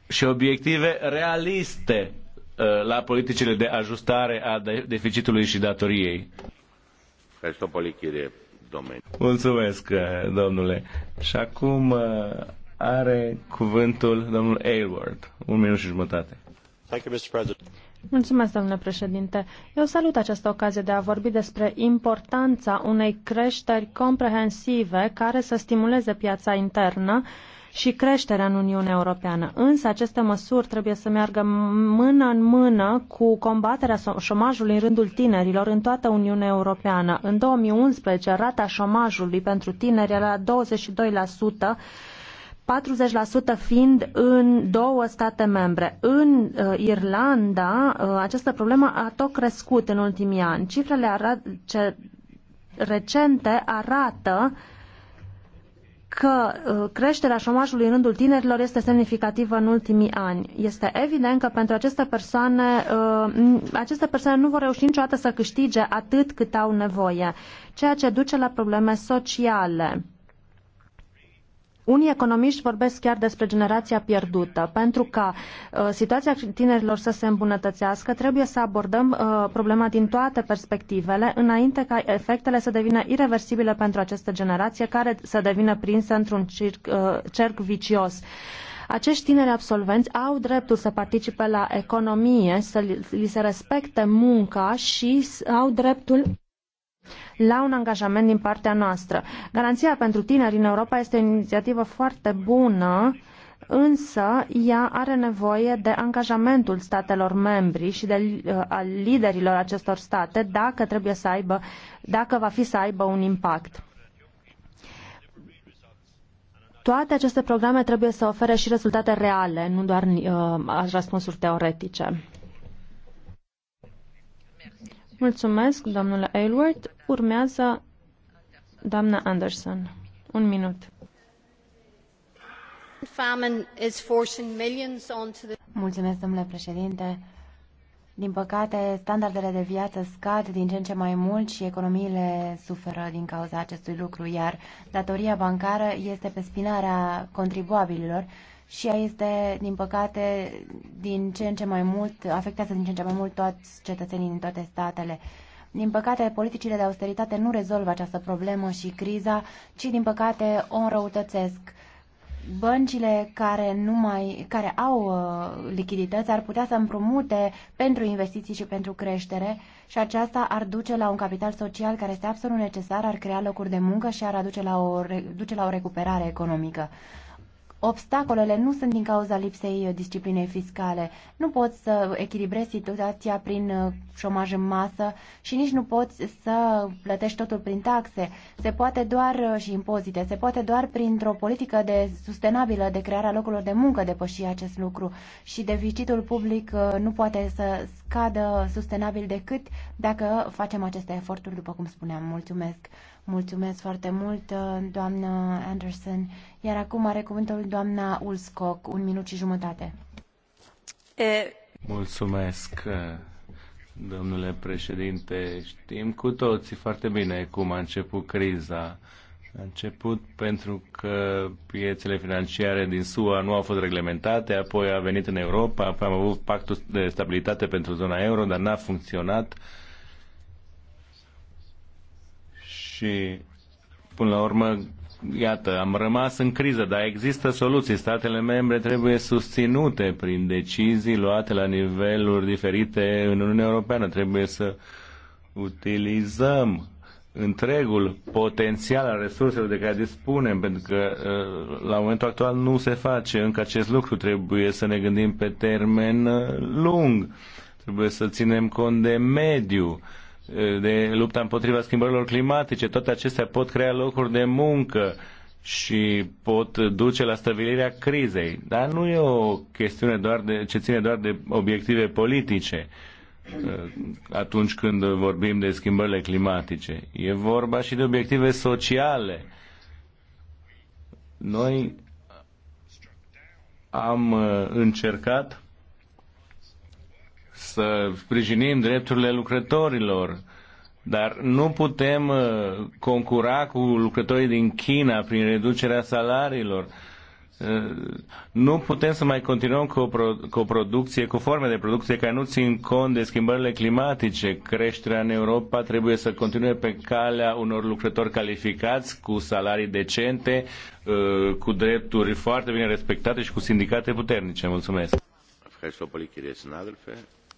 și obiective realiste uh, la politicile de ajustare a deficitului și datoriei. Ευχαριστώ domeniu. Mulțumesc, domnule. Și acum uh, are cuvântul domnul Aylward. Un minut și jumătate. Thank you, Mr. President. Mulțumesc, domnule președinte. Eu salut această ocazie de a vorbi despre importanța unei creșteri comprehensive care să stimuleze piața internă și creșterea în Uniunea Europeană. Însă aceste măsuri trebuie să meargă mână în mână cu combaterea șomajului în rândul tinerilor în toată Uniunea Europeană. În 2011, rata șomajului pentru tineri era la 22%, 40% fiind în două state membre. În uh, Irlanda, uh, această problemă a tot crescut în ultimii ani. Cifrele arat, ce recente arată uh, că uh, creșterea șomajului în rândul tinerilor este semnificativă în ultimii ani. Este evident că pentru aceste persoane, uh, aceste persoane nu vor reuși niciodată să câștige atât cât au nevoie, ceea ce duce la probleme sociale. Unii economiști vorbesc chiar despre generația pierdută. Pentru ca uh, situația tinerilor să se îmbunătățească, trebuie să abordăm uh, problema din toate perspectivele, înainte ca efectele să devină irreversibile pentru această generație, care să devină prinsă într-un circ, uh, cerc vicios. Acești tineri absolvenți au dreptul să participe la economie, să li, li se respecte munca și au dreptul la un angajament din partea noastră. Garanția pentru tineri în Europa este o inițiativă foarte bună însă ea are nevoie de angajamentul statelor membri și de, uh, al liderilor acestor state dacă trebuie să aibă, dacă va fi să aibă un impact. Toate aceste programe trebuie să ofere și rezultate reale, nu doar uh, răspunsuri teoretice. Mulțumesc, domnule Aylward. Urmează doamna Anderson. Un minut. Mulțumesc, domnule președinte. Din păcate, standardele de viață scad din ce în ce mai mult și economiile suferă din cauza acestui lucru, iar datoria bancară este pe spinarea contribuabililor și ea este, din păcate, din ce în ce mai mult, afectează din ce în ce mai mult toți cetățenii din toate statele. Din păcate, politicile de austeritate nu rezolvă această problemă și criza, ci, din păcate, o înrăutățesc. Băncile care, nu mai, care au uh, lichidități ar putea să împrumute pentru investiții și pentru creștere și aceasta ar duce la un capital social care este absolut necesar, ar crea locuri de muncă și ar aduce la o, duce la o recuperare economică obstacolele nu sunt din cauza lipsei disciplinei fiscale. Nu poți să echilibrezi situația prin uh, șomaj în masă și nici nu poți să plătești totul prin taxe. Se poate doar uh, și impozite, se poate doar printr-o politică de sustenabilă de crearea locurilor de muncă depăși acest lucru și deficitul public uh, nu poate să scadă sustenabil decât dacă facem aceste eforturi, după cum spuneam. Mulțumesc! Mulțumesc foarte mult, uh, doamnă Anderson. Iar acum are cuvântul doamna Ulscock, un minut și jumătate. Mulțumesc, uh, domnule președinte. Știm cu toții foarte bine cum a început criza. A început pentru că piețele financiare din SUA nu au fost reglementate, apoi a venit în Europa, apoi am avut pactul de stabilitate pentru zona euro, dar n-a funcționat Și până la urmă, iată, am rămas în criză, dar există soluții. Statele membre trebuie susținute prin decizii luate la niveluri diferite în Uniunea Europeană. Trebuie să utilizăm întregul potențial al resurselor de care dispunem, pentru că uh, la momentul actual nu se face încă acest lucru. Trebuie să ne gândim pe termen uh, lung, trebuie să ținem cont de mediu, de lupta împotriva schimbărilor climatice, toate acestea pot crea locuri de muncă și pot duce la stabilirea crizei. Dar nu e o chestiune doar de, ce ține doar de obiective politice uh, atunci când vorbim de schimbările climatice. E vorba și de obiective sociale. Noi am uh, încercat să sprijinim drepturile lucrătorilor, dar nu putem uh, concura cu lucrătorii din China prin reducerea salariilor. Uh, nu putem să mai continuăm cu o, pro, cu o producție, cu forme de producție care nu țin cont de schimbările climatice. Creșterea în Europa trebuie să continue pe calea unor lucrători calificați, cu salarii decente, uh, cu drepturi foarte bine respectate și cu sindicate puternice. Mulțumesc!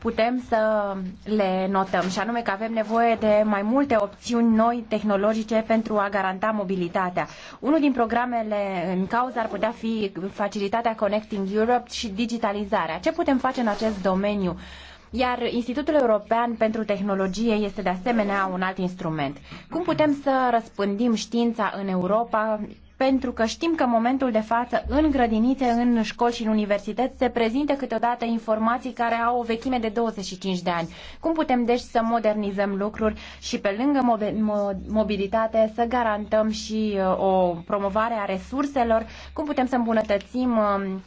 putem să le notăm, și anume că avem nevoie de mai multe opțiuni noi tehnologice pentru a garanta mobilitatea. Unul din programele în cauză ar putea fi facilitatea Connecting Europe și digitalizarea. Ce putem face în acest domeniu? Iar Institutul European pentru Tehnologie este de asemenea un alt instrument. Cum putem să răspândim știința în Europa pentru că știm că în momentul de față în grădinițe, în școli și în universități se prezintă câteodată informații care au o vechime de 25 de ani. Cum putem deci să modernizăm lucruri și pe lângă mobilitate să garantăm și uh, o promovare a resurselor? Cum putem să îmbunătățim um,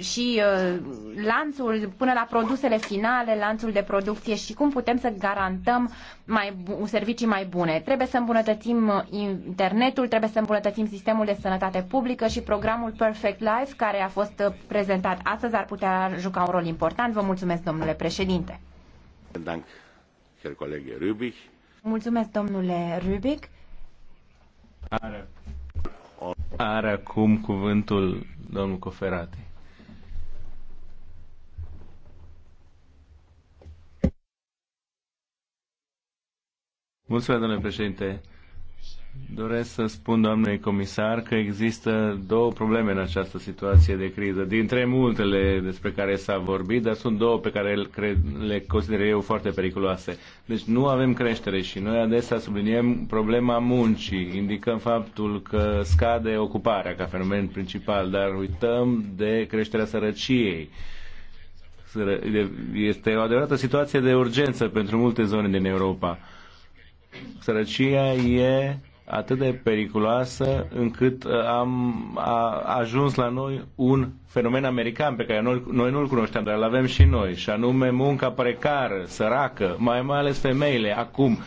și uh, lanțul până la produsele finale, lanțul de producție și cum putem să garantăm mai, servicii mai bune. Trebuie să îmbunătățim uh, internetul, trebuie să îmbunătățim sistemul de sănătate publică și programul Perfect Life, care a fost uh, prezentat astăzi, ar putea juca un rol important. Vă mulțumesc, domnule președinte. Mulțumesc, domnule Rubic. Are. Are acum cuvântul domnul Coferati. Mulțumesc, domnule președinte. Doresc să spun, doamnei comisar, că există două probleme în această situație de criză. Dintre multele despre care s-a vorbit, dar sunt două pe care le consider eu foarte periculoase. Deci nu avem creștere și noi adesea subliniem problema muncii, indicăm faptul că scade ocuparea ca fenomen principal, dar uităm de creșterea sărăciei. Este o adevărată situație de urgență pentru multe zone din Europa sărăcia e atât de periculoasă încât uh, am a, a ajuns la noi un fenomen american pe care noi, noi nu-l cunoșteam, dar îl avem și noi, și anume munca precară, săracă, mai, mai ales femeile, acum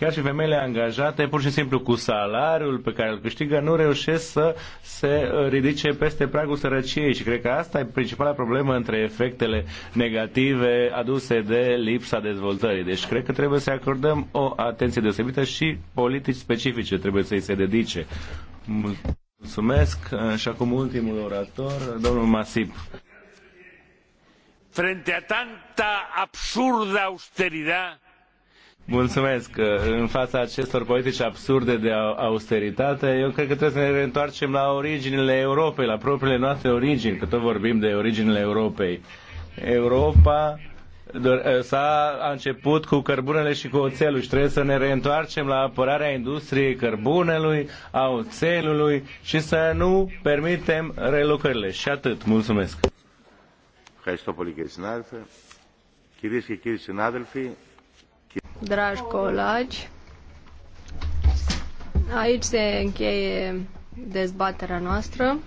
Chiar și femeile angajate, pur și simplu cu salariul pe care îl câștigă, nu reușesc să se uh, ridice peste pragul sărăciei și cred că asta e principala problemă între efectele negative aduse de lipsa dezvoltării. Deci cred că trebuie să acordăm o atenție deosebită și politici specifice trebuie să-i se dedice. Mulțumesc uh, și acum ultimul orator, domnul Masip frente a tanta absurda austeridad Mulțumesc. În fața acestor politici absurde de austeritate, eu cred că trebuie să ne reîntoarcem la originile Europei, la propriile noastre origini, că tot vorbim de originile Europei. Europa eh, s-a început cu cărbunele și cu oțelul și trebuie să ne reîntoarcem la apărarea industriei cărbunelui, a oțelului și să nu permitem relocările. Și atât. Mulțumesc. Ευχαριστώ πολύ κύριε συνάδελφε. Κυρίες και κύριοι συνάδελφοι, Dragi colegi, aici se încheie dezbaterea noastră.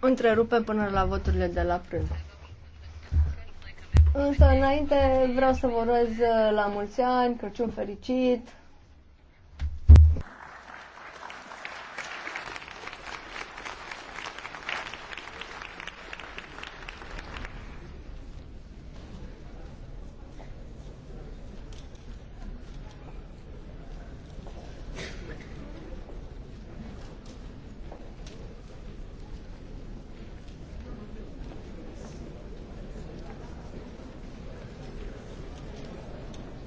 Întrerupem până la voturile de la prânz. Însă, înainte, vreau să vă urez la mulți ani, Crăciun fericit,